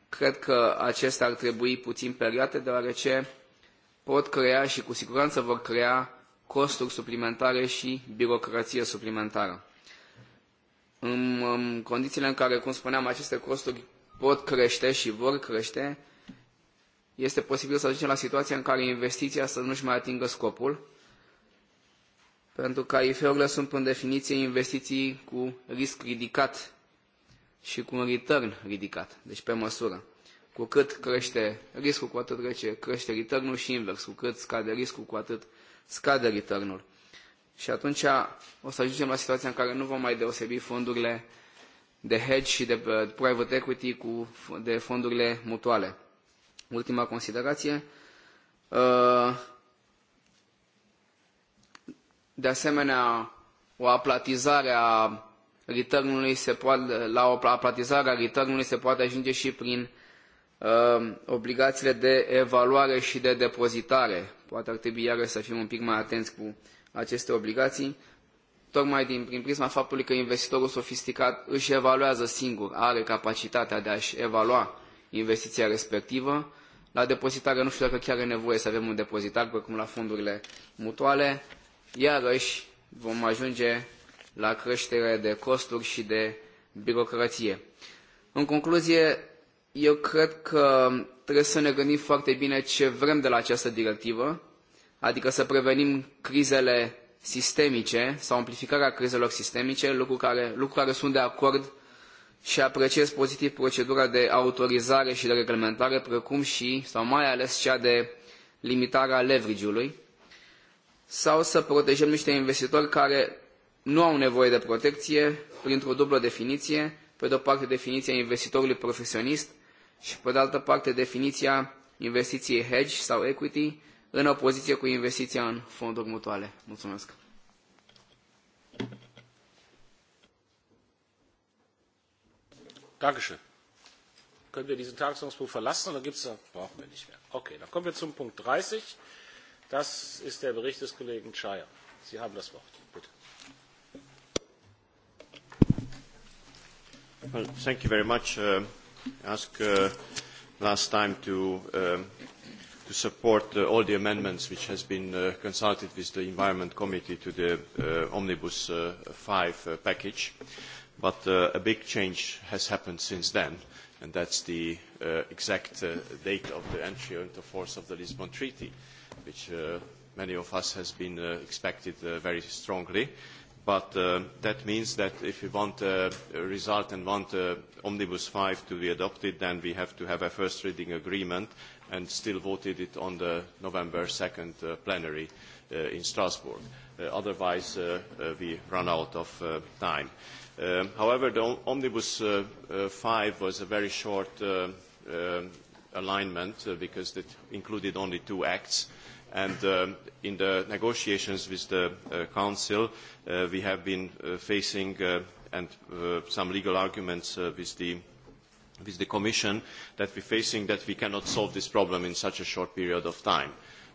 E: cred că acestea ar trebui puțin periate? Deoarece pot crea și cu siguranță vor crea costuri suplimentare și birocrație suplimentară în condițiile în care, cum spuneam, aceste costuri pot crește și vor crește, este posibil să ajungem la situația în care investiția să nu-și mai atingă scopul, pentru că IFE-urile sunt, în definiție, investiții cu risc ridicat și cu un return ridicat, deci pe măsură. Cu cât crește riscul, cu atât crește, crește return și invers. Cu cât scade riscul, cu atât scade return-ul. Și atunci o să ajungem la situația în care nu vom mai deosebi fondurile de hedge și de uh, private equity cu, de fondurile mutuale. Ultima considerație. Uh, de asemenea, o aplatizare a returnului se poate, la o aplatizare a returnului se poate ajunge și prin uh, obligațiile de evaluare și de depozitare. Poate ar trebui iarăși să fim un pic mai atenți cu aceste obligații, tocmai din, prin prisma faptului că investitorul sofisticat își evaluează singur, are capacitatea de a-și evalua investiția respectivă. La depozitare nu știu dacă chiar e nevoie să avem un depozitar, precum la fondurile mutuale. Iarăși vom ajunge la creștere de costuri și de birocrație. În concluzie, eu cred că trebuie să ne gândim foarte bine ce vrem de la această directivă, adică să prevenim crizele sistemice sau amplificarea crizelor sistemice, lucru care, lucru care sunt de acord și apreciez pozitiv procedura de autorizare și de reglementare, precum și, sau mai ales, cea de limitare a leverage-ului, sau să protejăm niște investitori care nu au nevoie de protecție printr-o dublă definiție, pe de o parte definiția investitorului profesionist și pe de altă parte definiția investiției hedge sau equity, în opoziție cu investiția în fonduri mutuale. Mulțumesc!
A: Dankeschön. Können wir diesen Tagesordnungspunkt verlassen oder gibt es da? Brauchen wir nicht mehr. Okay, dann kommen wir zum Punkt 30. Das ist der Bericht des Kollegen Scheier. Sie haben das Wort. Bitte.
F: Well, thank you very much. Uh, ask uh, last time to uh, to support uh, all the amendments which has been uh, consulted with the Environment Committee to the uh, Omnibus uh, 5 uh, package. But uh, a big change has happened since then, and that's the uh, exact uh, date of the entry into force of the Lisbon Treaty, which uh, many of us has been uh, expected uh, very strongly. But uh, that means that if we want a result and want uh, Omnibus 5 to be adopted, then we have to have a first reading agreement and still voted it on the November 2nd uh, plenary uh, in Strasbourg. Uh, otherwise, uh, uh, we run out of uh, time. Um, however, the Omnibus uh, uh, was a very short uh, uh, alignment uh, because it included only two acts. And um, in the negotiations with the uh, Council, uh, we have been uh, facing uh, and uh, some legal arguments uh, with the with the Commission that we are facing that we cannot solve this problem in such a short period of time.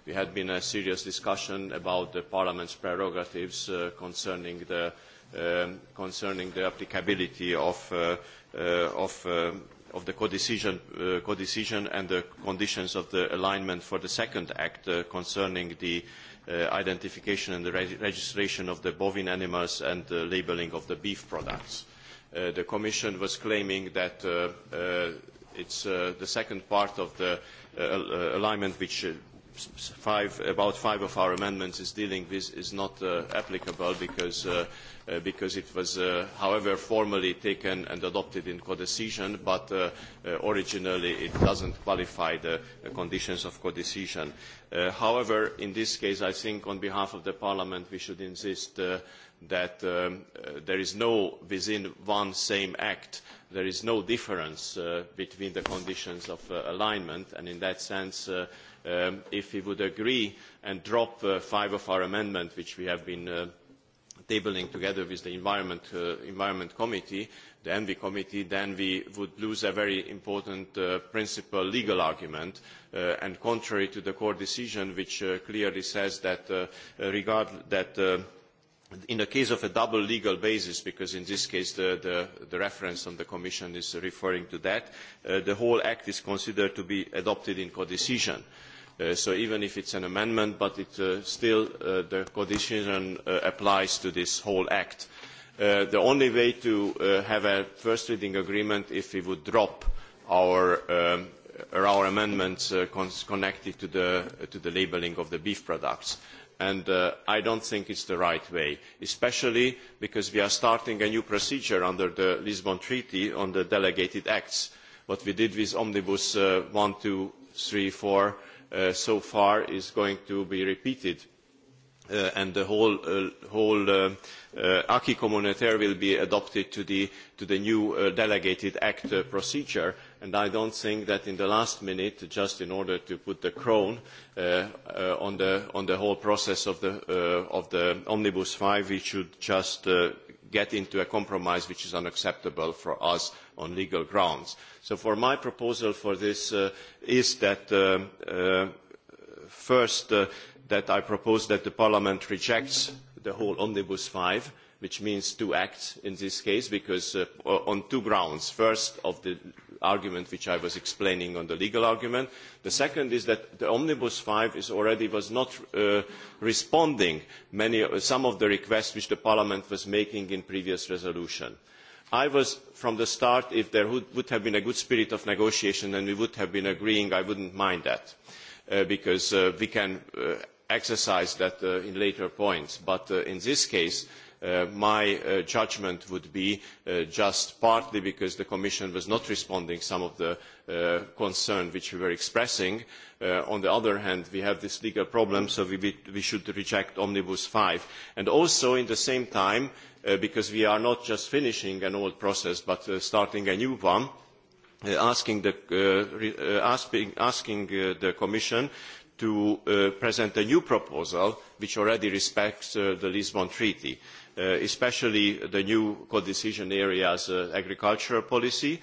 F: We had been a serious discussion about the Parliament's prerogatives uh, concerning, the, um, concerning the applicability of, uh, uh, of, uh, of the codecision, uh, and the conditions of the alignment for the second act uh, concerning the uh, identification and the registration of the bovine animals and the labelling of the beef products. Uh, the Commission was claiming that uh, uh, it's uh, the second part of the uh, uh alignment which uh, five, about five of our amendments is dealing with is not uh, applicable because uh, Uh, because it was, uh, however, formally taken and adopted in codecision, but uh, uh, originally it doesn't qualify the, conditions of codecision. Uh, however, in this case, I think on behalf of the Parliament, we should insist uh, that um, uh, there is no, within one same act, there is no difference uh, between the conditions of uh, alignment, and in that sense, uh, um, if we would agree and drop uh, five of our amendments, which we have been uh, tabling together with the Environment, uh, Environment Committee, the Envy Committee, then we would lose a very important uh, principal legal argument uh, and contrary to the court decision which uh, clearly says that, uh, regard that uh, in the case of a double legal basis, because in this case the, the, the reference on the Commission is referring to that, uh, the whole act is considered to be adopted in codecision. decision Uh, so even if it's an amendment, but it uh, still uh, the condition uh, applies to this whole act. Uh, the only way to uh, have a first reading agreement if we would drop our, um, our amendments uh, connected to the, to the labelling of the beef products. And uh, I don't think it's the right way, especially because we are starting a new procedure under the Lisbon Treaty on the delegated acts. What we did with Omnibus uh, 1, 2, 3, 4, uh, so far is going to be repeated uh, and the whole, uh, whole uh, uh, acquis communautaire will be adopted to the, to the new uh, delegated act uh, procedure and I don't think that in the last minute, just in order to put the crown uh, uh, on, the, on the whole process of the, uh, of the Omnibus 5, we should just uh, get into a compromise which is unacceptable for us on legal grounds. So for my proposal for this uh, is that uh, uh, first uh, that I propose that the Parliament rejects the whole Omnibus 5 which means two acts in this case because uh, on two grounds. First, of the argument which I was explaining on the legal argument. The second is that the Omnibus 5 is already was not uh, responding many, uh, some of the requests which the Parliament was making in previous resolution. I was from the start, if there would, would have been a good spirit of negotiation and we would have been agreeing, I wouldn't mind that uh, because uh, we can uh, exercise that uh, in later points. But uh, in this case, Uh, my uh, judgment would be uh, just partly because the Commission was not responding to some of the uh, concern which we were expressing. Uh, on the other hand, we have this legal problem, so we, we should reject Omnibus five. And also, at the same time, uh, because we are not just finishing an old process, but starting a new one, asking, the, asking, asking the Commission to uh, present a new proposal which already respects uh, the Lisbon Treaty. Uh, especially the new codecision areas, uh, agricultural policy,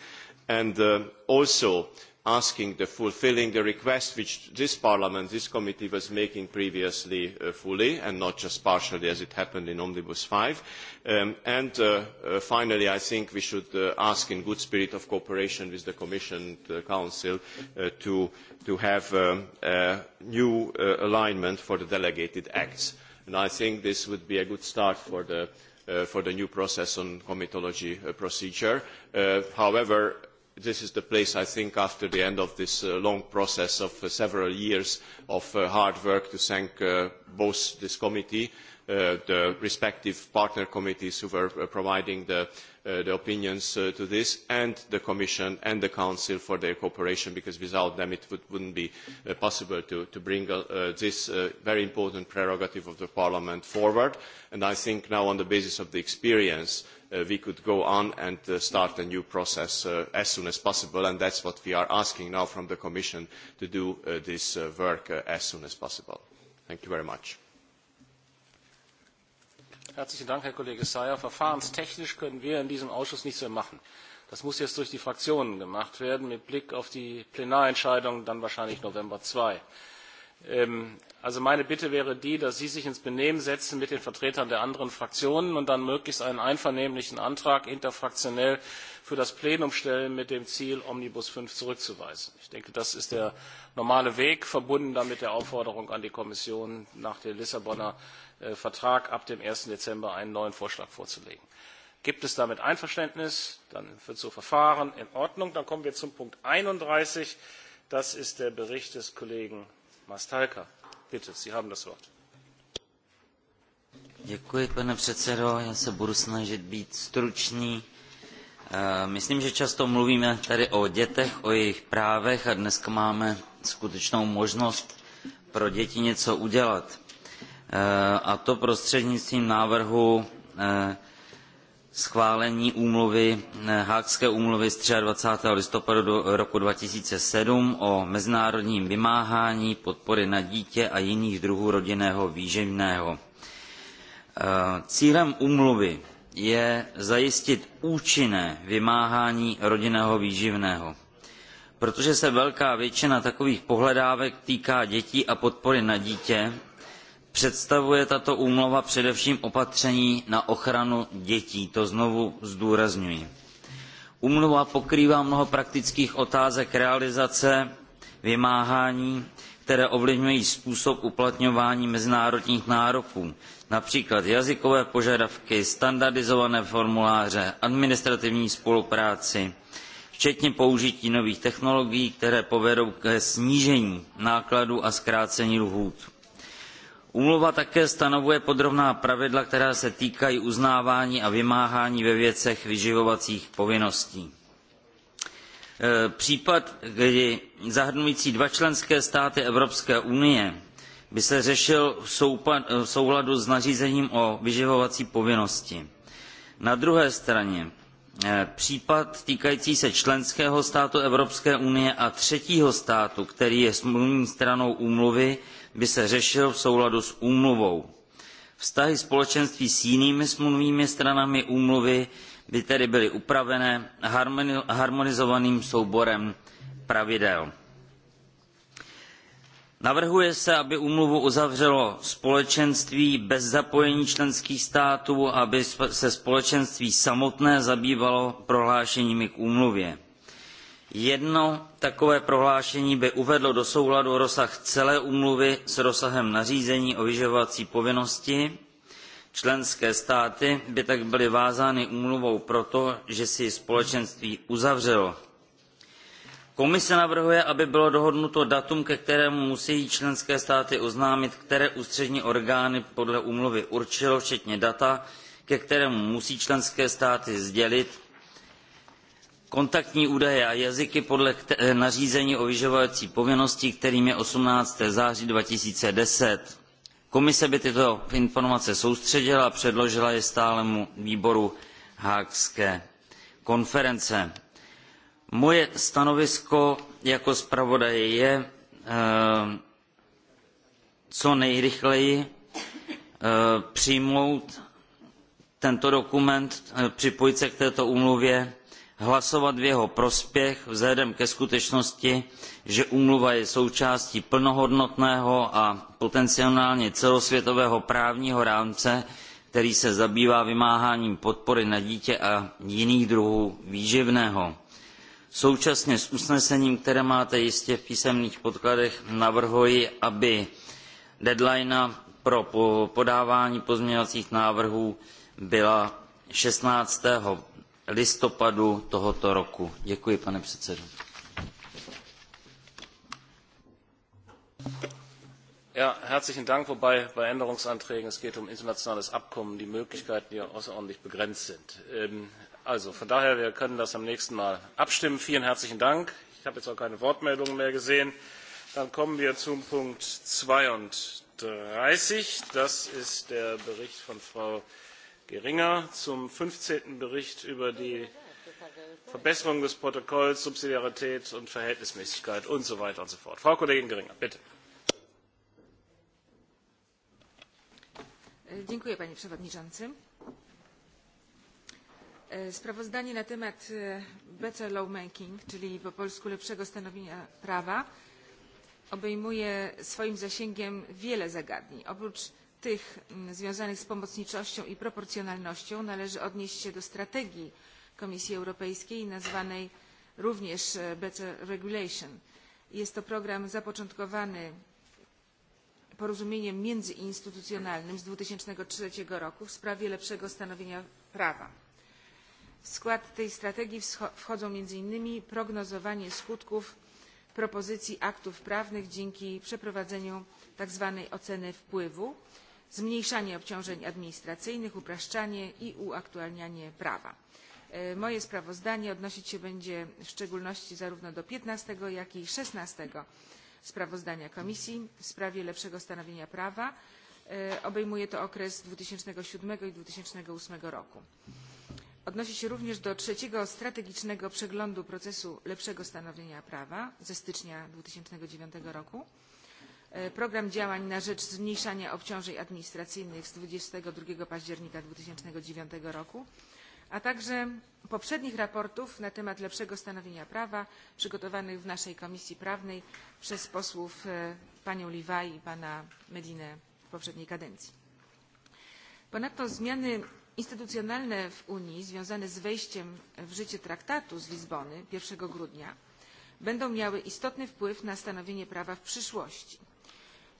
F: and uh, also asking the fulfilling the request which this parliament, this committee was making previously uh, fully and not just partially as it happened in Omnibus 5. Um, and uh, uh, finally, I think we should uh, ask in good spirit of cooperation with the Commission, the Council, uh, to, to have um, a new uh, alignment for the delegated acts And I think this would be a good start for the, uh, for the new process on comitology uh, procedure. Uh, however, this is the place, I think, after the end of this uh, long process of uh, several years of uh, hard work to thank uh, both this committee Uh, the respective partner committees who were uh, providing the, uh, the opinions to this and the Commission and the Council for their cooperation because without them it would, not be possible to, to bring this very important prerogative of the Parliament forward. And I think now on the basis of the experience Uh, we could go on and uh, start a new process uh, as soon as possible and that is what we are asking now from the Commission to do this work as soon as possible. Thank you very much.
A: Herzlichen Dank, Herr Kollege Sayer. Verfahrenstechnisch können wir in diesem Ausschuss nichts mehr machen. Das muss jetzt durch die Fraktionen gemacht werden, mit Blick auf die Plenarentscheidung dann wahrscheinlich November 2. Ähm, also meine Bitte wäre die, dass Sie sich ins Benehmen setzen mit den Vertretern der anderen Fraktionen und dann möglichst einen einvernehmlichen Antrag interfraktionell für das Plenum stellen mit dem Ziel, Omnibus 5 zurückzuweisen. Ich denke, das ist der normale Weg, verbunden dann mit der Aufforderung an die Kommission, nach der Lissabonner Äh, Vertrag ab dem 1. Dezember einen neuen Vorschlag vorzulegen. Gibt es damit Einverständnis? Dann wird so verfahren. In Ordnung. Dann kommen wir zum Punkt 31. Das ist der Bericht des Kollegen Mastalka. Bitte, Sie haben das Wort.
G: Děkuji, pane předsedo. Já se budu snažit být stručný. Äh, myslím, že často mluvíme tady o dětech, o jejich právech a dneska máme skutečnou možnost pro děti něco udělat. Eh, a to prostřednictvím návrhu eh, schválení úmluvy, eh, Hákské úmluvy z 23. listopadu do roku 2007 o mezinárodním vymáhání podpory na dítě a jiných druhů rodinného výživného. Cílem úmluvy je zajistit účinné vymáhání rodinného výživného. Protože se velká většina takových pohledávek týká dětí a podpory na dítě, Představuje tato úmluva především opatření na ochranu dětí, to znovu zdůrazňuji. Úmluva pokrývá mnoho praktických otázek realizace, vymáhání, které ovlivňují způsob uplatňování mezinárodních nároků, například jazykové požadavky, standardizované formuláře, administrativní spolupráci, včetně použití nových technologií, které povedou ke snížení nákladů a zkrácení lhůt. Úmluva také stanovuje podrobná pravidla, která se týkají uznávání a vymáhání ve věcech vyživovacích povinností. E, případ, kdy zahrnující dva členské státy Evropské unie by se řešil v souladu s nařízením o vyživovací povinnosti. Na druhé straně e, případ týkající se členského státu Evropské unie a třetího státu, který je smluvní stranou úmluvy, by se řešil v souladu s úmluvou. Vztahy společenství s jinými smluvními stranami úmluvy by tedy byly upravené harmonizovaným souborem pravidel. Navrhuje se, aby úmluvu uzavřelo společenství bez zapojení členských států, aby se společenství samotné zabývalo prohlášeními k úmluvě. Jedno takové prohlášení by uvedlo do souladu rozsah celé úmluvy s rozsahem nařízení o vyživovací povinnosti. Členské státy by tak byly vázány úmluvou proto, že si ji společenství uzavřelo. Komise navrhuje, aby bylo dohodnuto datum, ke kterému musí členské státy oznámit, které ústřední orgány podle úmluvy určilo, včetně data, ke kterému musí členské státy sdělit Kontaktní údaje a jazyky podle eh, nařízení o vyživovací povinnosti, kterým je 18. září 2010. Komise by tyto informace soustředila a předložila je stálemu výboru Hákské konference. Moje stanovisko jako zpravodaje je eh, co nejrychleji eh, přijmout tento dokument, připojit se k této úmluvě hlasovat v jeho prospěch vzhledem ke skutečnosti, že úmluva je součástí plnohodnotného a potenciálně celosvětového právního rámce, který se zabývá vymáháním podpory na dítě a jiných druhů výživného. Současně s usnesením, které máte jistě v písemných podkladech, navrhuji, aby deadline pro podávání pozměňovacích návrhů byla 16 listopadu tohoto roku. Děkuji, pane předsedo.
A: Ja, herzlichen Dank. Wobei bei Änderungsanträgen, es geht um internationales Abkommen, die Möglichkeiten ja außerordentlich begrenzt sind. Ähm, also von daher, wir können das am nächsten Mal abstimmen. Vielen herzlichen Dank. Ich habe jetzt auch keine Wortmeldungen mehr gesehen. Dann kommen wir zum Punkt 32. Das ist der Bericht von Frau geringer. Zum 15. Bericht über die Verbesserung des Protokolls, Subsidiarität und Verhältnismäßigkeit und so weiter und so fort. Frau Kollegin Geringer, bitte.
H: E, dziękuję Panie Przewodniczący. E, sprawozdanie na temat e, better lawmaking, czyli po polsku lepszego stanowienia prawa, obejmuje swoim zasięgiem wiele zagadnień. Oprócz tych mm, związanych z pomocniczością i proporcjonalnością należy odnieść się do strategii Komisji Europejskiej nazwanej również e, Better Regulation. Jest to program zapoczątkowany porozumieniem międzyinstytucjonalnym z trzy roku w sprawie lepszego stanowienia prawa. W skład tej strategii wchodzą między innymi prognozowanie skutków propozycji aktów prawnych dzięki przeprowadzeniu tak zwanej oceny wpływu zmniejszanie obciążeń administracyjnych, upraszczanie i uaktualnianie prawa. E, moje sprawozdanie odnosić się będzie w szczególności zarówno do piętnastego, jak i szesnastego sprawozdania Komisji w sprawie lepszego stanowienia prawa. E, obejmuje to okres siedem i osiem roku. Odnosi się również do trzeciego strategicznego przeglądu procesu lepszego stanowienia prawa ze stycznia dziewięć roku E, program działań na rzecz zmniejszania obciążeń administracyjnych z 22 października 2009 roku, a także poprzednich raportów na temat lepszego stanowienia prawa przygotowanych w naszej Komisji Prawnej przez posłów e, panią Liwaj i pana Medinę w poprzedniej kadencji. Ponadto zmiany instytucjonalne w Unii związane z wejściem w życie traktatu z Lizbony 1 grudnia będą miały istotny wpływ na stanowienie prawa w przyszłości.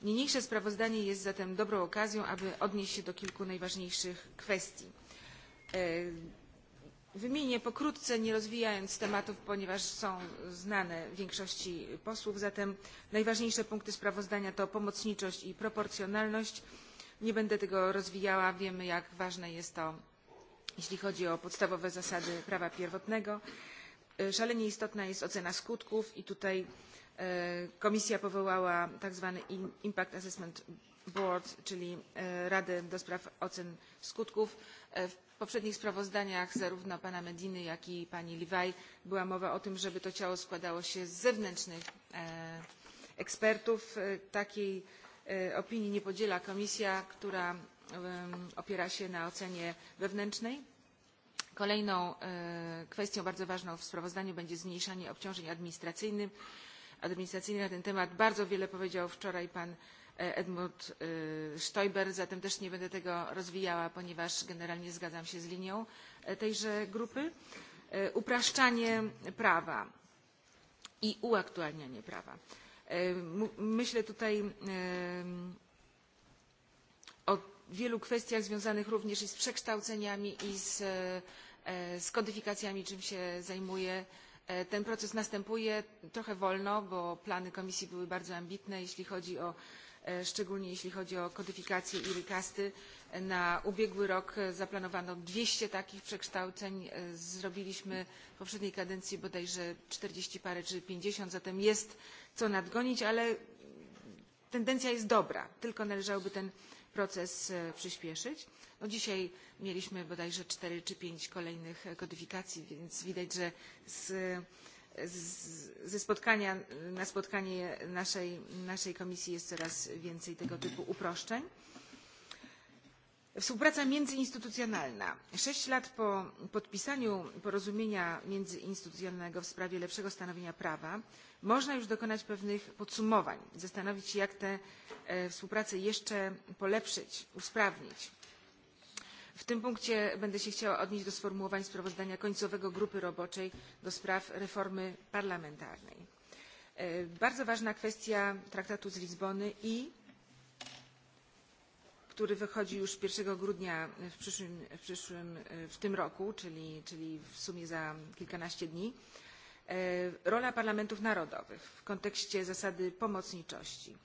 H: Niniejsze sprawozdanie jest zatem dobrą okazją, aby odnieść się do kilku najważniejszych kwestii. E, wymienię pokrótce, nie rozwijając tematów, ponieważ są znane większości posłów, zatem najważniejsze punkty sprawozdania to pomocniczość i proporcjonalność. Nie będę tego rozwijała, wiemy jak ważne jest to, jeśli chodzi o podstawowe zasady prawa pierwotnego. E, szalenie istotna jest ocena skutków i tutaj E, komisja powołała tak zwany Impact Assessment Board, czyli e, Radę do Spraw Ocen Skutków. E, w poprzednich sprawozdaniach zarówno pana Mediny, jak i pani Livaj była mowa o tym, żeby to ciało składało się z zewnętrznych ekspertów. Takiej opinii nie podziela komisja, która opiera się na ocenie wewnętrznej. Kolejną kwestią bardzo ważną w sprawozdaniu będzie zmniejszanie obciążeń administracyjnych administracyjny na ten temat bardzo wiele powiedział wczoraj pan e, Edmund e, Stoiber, zatem też nie będę tego rozwijała, ponieważ generalnie zgadzam się z linią e, tejże grupy. Upraszczanie prawa i uaktualnianie prawa. Myślę tutaj o wielu kwestiach związanych również i z przekształceniami i z, z kodyfikacjami, czym się zajmuję E, ten proces następuje trochę wolno, bo plany komisji były bardzo ambitne, jeśli chodzi o, e, szczególnie jeśli chodzi o kodyfikację i rykasty. E, na ubiegły rok zaplanowano 200 takich przekształceń. Zrobiliśmy w poprzedniej kadencji bodajże 40 parę czy 50, zatem jest co nadgonić, ale tendencja jest dobra. Tylko należałoby ten proces e, przyspieszyć. No dzisiaj mieliśmy bodajże cztery czy pięć kolejnych e, kodyfikacji, więc widać, że z, e, z, ze spotkania na spotkanie naszej, naszej komisji jest coraz więcej tego typu uproszczeń. Współpraca międzyinstytucjonalna. Sześć lat po podpisaniu porozumienia międzyinstytucjonalnego w sprawie lepszego stanowienia prawa można już dokonać pewnych podsumowań, zastanowić się jak tę e, współpracę jeszcze polepszyć, usprawnić. W tym punkcie będę się chciała odnieść do sformułowań sprawozdania końcowego grupy roboczej do spraw reformy parlamentarnej. E, bardzo ważna kwestia traktatu z Lizbony i który wychodzi już 1 grudnia w, przyszłym, w, przyszłym, w tym roku, czyli, czyli w sumie za kilkanaście dni, e, rola parlamentów narodowych w kontekście zasady pomocniczości.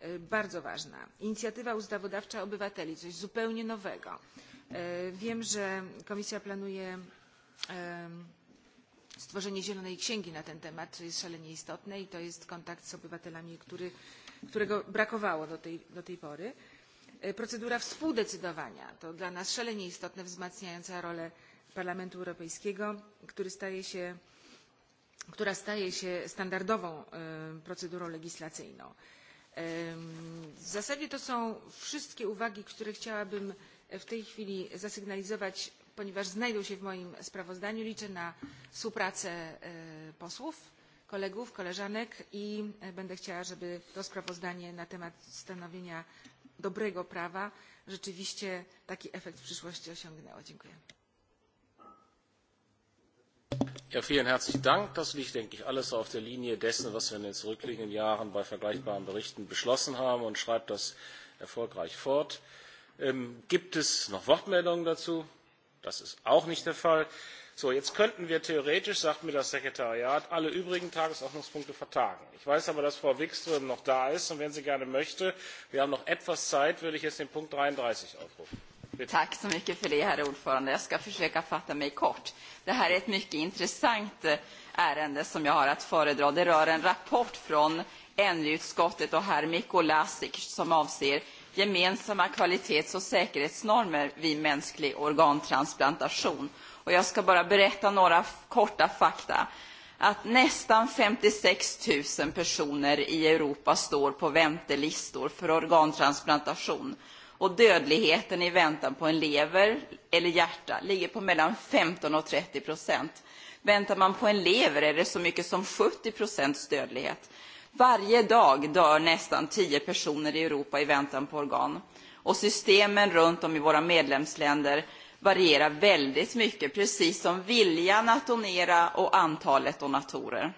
H: E, bardzo ważna. Inicjatywa ustawodawcza obywateli, coś zupełnie nowego. E, wiem, że komisja planuje stworzenie zielonej księgi na ten temat, co jest szalenie istotne i to jest kontakt z obywatelami, który, którego brakowało do tej, do tej pory procedura współdecydowania to dla nas szalenie istotne, wzmacniająca rolę Parlamentu Europejskiego, która staje się standardową procedurą legislacyjną. W zasadzie to są wszystkie uwagi, które chciałabym w tej chwili zasygnalizować, ponieważ znajdą się w moim sprawozdaniu. Liczę na współpracę posłów, kolegów, koleżanek i będę chciała, żeby to sprawozdanie na temat stanowienia dobrego prawa rzeczywiście taki efekt w przyszłości osiągnęło. Dziękuję.
A: Ja, vielen herzlichen Dank. Das liegt, denke ich, alles auf der Linie dessen, was wir in den zurückliegenden Jahren bei vergleichbaren Berichten beschlossen haben und schreibt das erfolgreich fort. Ähm, gibt es noch Wortmeldungen dazu? Das ist auch nicht der Fall. So, jetzt könnten wir theoretisch, sagt mir das Sekretariat, alle übrigen Tagesordnungspunkte vertagen. Ich weiß aber, dass Frau Wikström noch da ist und wenn sie gerne möchte, wir haben noch etwas Zeit, würde ich jetzt den Punkt 33 aufrufen. Bitte. Tack
I: så mycket för det, herr ordförande. Jag ska försöka fatta mig kort. Det här är ett mycket intressant eh, ärende som jag har att föredra. Det rör en rapport från NU-utskottet och herr Mikko Lasic som avser gemensamma kvalitets och säkerhetsnormer vid mänsklig organtransplantation. Och jag ska bara berätta några korta fakta. Att nästan 56 000 personer i Europa står på väntelistor för organtransplantation. Och dödligheten i väntan på en lever eller hjärta ligger på mellan 15 och 30 procent. Väntar man på en lever är det så mycket som 70 procents dödlighet. Varje dag dör nästan 10 personer i Europa i väntan på organ. Och systemen runt om i våra medlemsländer varierar väldigt mycket, precis som viljan att donera och antalet donatorer.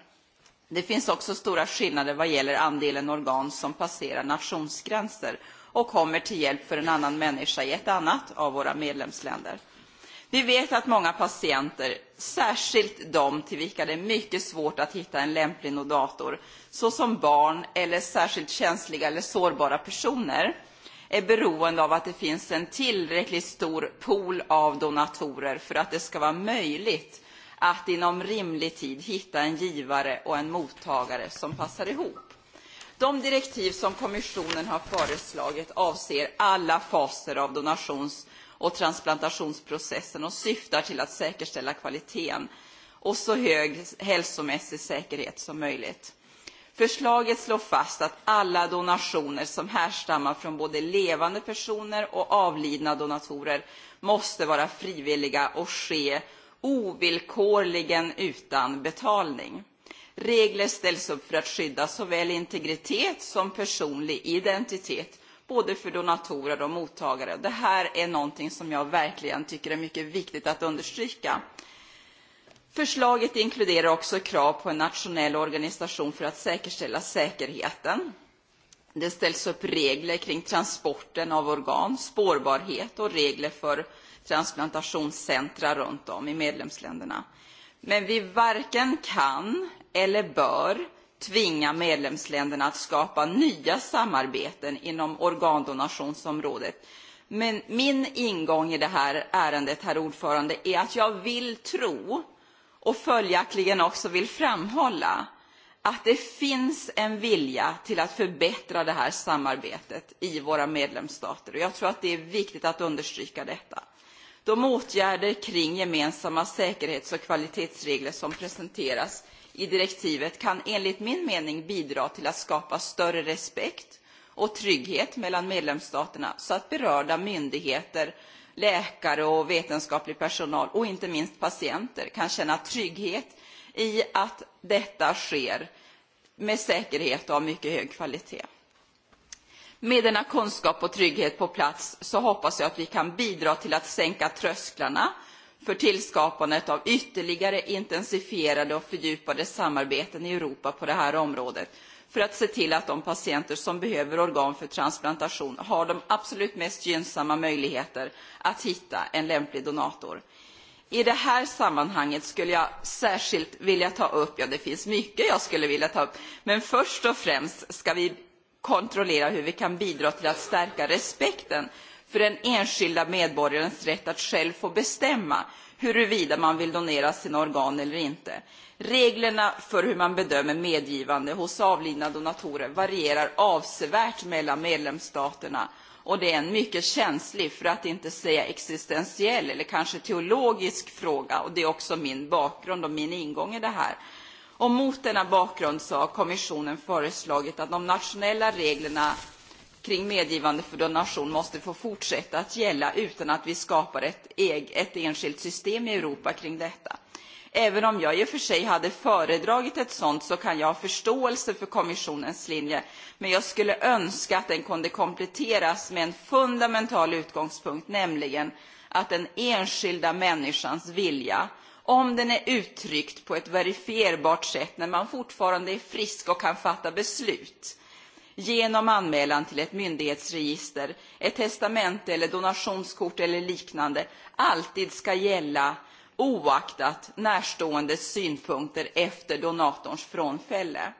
I: Det finns också stora skillnader vad gäller andelen organ som passerar nationsgränser och kommer till hjälp för en annan människa i ett annat av våra medlemsländer. Vi vet att många patienter, särskilt de till vilka det är mycket svårt att hitta en lämplig nodator, såsom barn eller särskilt känsliga eller sårbara personer, är beroende av att det finns en tillräckligt stor pool av donatorer för att det ska vara möjligt att inom rimlig tid hitta en givare och en mottagare som passar ihop. De direktiv som kommissionen har föreslagit avser alla faser av donations och transplantationsprocessen och syftar till att säkerställa kvaliteten och så hög hälsomässig säkerhet som möjligt. Förslaget slår fast att alla donationer som härstammar från både levande personer och avlidna donatorer måste vara frivilliga och ske ovillkorligen utan betalning. Regler ställs upp för att skydda såväl integritet som personlig identitet, både för donatorer och mottagare. Det här är någonting som jag verkligen tycker är mycket viktigt att understryka. Förslaget inkluderar också krav på en nationell organisation för att säkerställa säkerheten. Det ställs upp regler kring transporten av organ, spårbarhet och regler för transplantationscentra runt om i medlemsländerna. Men vi varken kan eller bör tvinga medlemsländerna att skapa nya samarbeten inom organdonationsområdet. Men min ingång i det här ärendet, herr ordförande, är att jag vill tro och följaktligen också vill framhålla att det finns en vilja till att förbättra det här samarbetet i våra medlemsstater. Och jag tror att det är viktigt att understryka detta. De åtgärder kring gemensamma säkerhets och kvalitetsregler som presenteras i direktivet kan enligt min mening bidra till att skapa större respekt och trygghet mellan medlemsstaterna så att berörda myndigheter läkare och vetenskaplig personal och inte minst patienter kan känna trygghet i att detta sker med säkerhet och av mycket hög kvalitet. Med denna kunskap och trygghet på plats så hoppas jag att vi kan bidra till att sänka trösklarna för tillskapandet av ytterligare intensifierade och fördjupade samarbeten i Europa på det här området för att se till att de patienter som behöver organ för transplantation har de absolut mest gynnsamma möjligheter att hitta en lämplig donator. I det här sammanhanget skulle jag särskilt vilja ta upp, ja det finns mycket jag skulle vilja ta upp, men först och främst ska vi kontrollera hur vi kan bidra till att stärka respekten för den enskilda medborgarens rätt att själv få bestämma huruvida man vill donera sina organ eller inte. Reglerna för hur man bedömer medgivande hos avlidna donatorer varierar avsevärt mellan medlemsstaterna och det är en mycket känslig, för att inte säga existentiell eller kanske teologisk fråga och det är också min bakgrund och min ingång i det här. Och mot denna bakgrund så har kommissionen föreslagit att de nationella reglerna kring medgivande för donation måste få fortsätta att gälla utan att vi skapar ett, eg, ett enskilt system i Europa kring detta. Även om jag i och för sig hade föredragit ett sådant så kan jag ha förståelse för kommissionens linje, men jag skulle önska att den kunde kompletteras med en fundamental utgångspunkt, nämligen att den enskilda människans vilja, om den är uttryckt på ett verifierbart sätt när man fortfarande är frisk och kan fatta beslut, genom anmälan till ett myndighetsregister, ett testament eller donationskort eller liknande alltid ska gälla oaktat närståendes synpunkter efter donatorns frånfälle.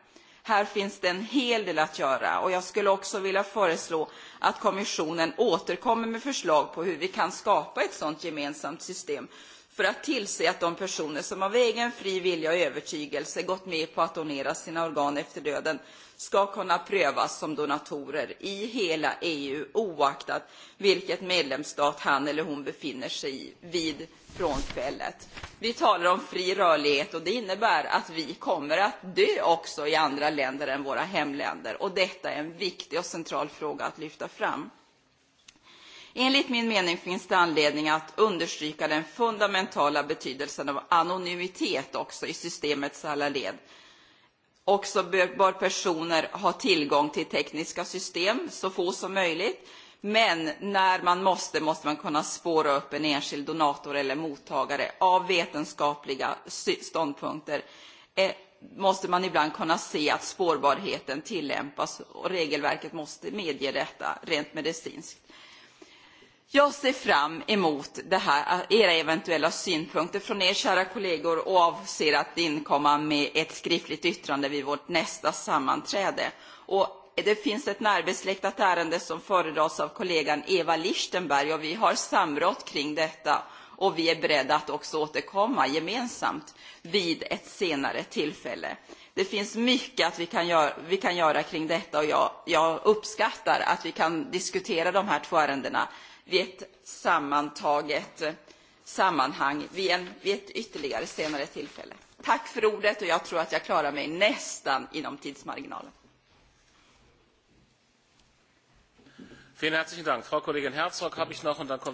I: Här finns det en hel del att göra och jag skulle också vilja föreslå att kommissionen återkommer med förslag på hur vi kan skapa ett sådant gemensamt system för att tillse att de personer som av egen fri vilja och övertygelse gått med på att donera sina organ efter döden ska kunna prövas som donatorer i hela EU oaktat vilket medlemsstat han eller hon befinner sig i vid frånfället. Vi talar om fri rörlighet och det innebär att vi kommer att dö också i andra länder än våra hemländer och detta är en viktig och central fråga att lyfta fram. Enligt min mening finns det anledning att understryka den fundamentala betydelsen av anonymitet också i systemets alla led. Också bör personer ha tillgång till tekniska system, så få som möjligt. Men när man måste, måste man kunna spåra upp en enskild donator eller mottagare av vetenskapliga ståndpunkter. Eh, måste man ibland kunna se att spårbarheten tillämpas och regelverket måste medge detta rent medicinskt. Jag ser fram emot det här, era eventuella synpunkter från er kära kollegor och avser att inkomma med ett skriftligt yttrande vid vårt nästa sammanträde. Och det finns ett närbesläktat ärende som föredras av kollegan Eva Lichtenberg och vi har samrått kring detta och vi är beredda att också återkomma gemensamt vid ett senare tillfälle. Det finns mycket att vi kan, gör, vi kan göra kring detta och jag, jag uppskattar att vi kan diskutera de här två ärendena vid ett sammantaget sammanhang vid, en, vid ett ytterligare senare tillfälle. Tack för ordet och jag tror att jag klarar mig nästan inom tidsmarginalen.
A: Vielen herzlichen Dank. Frau Kollegin Herzog habe ich noch und dann kommen wir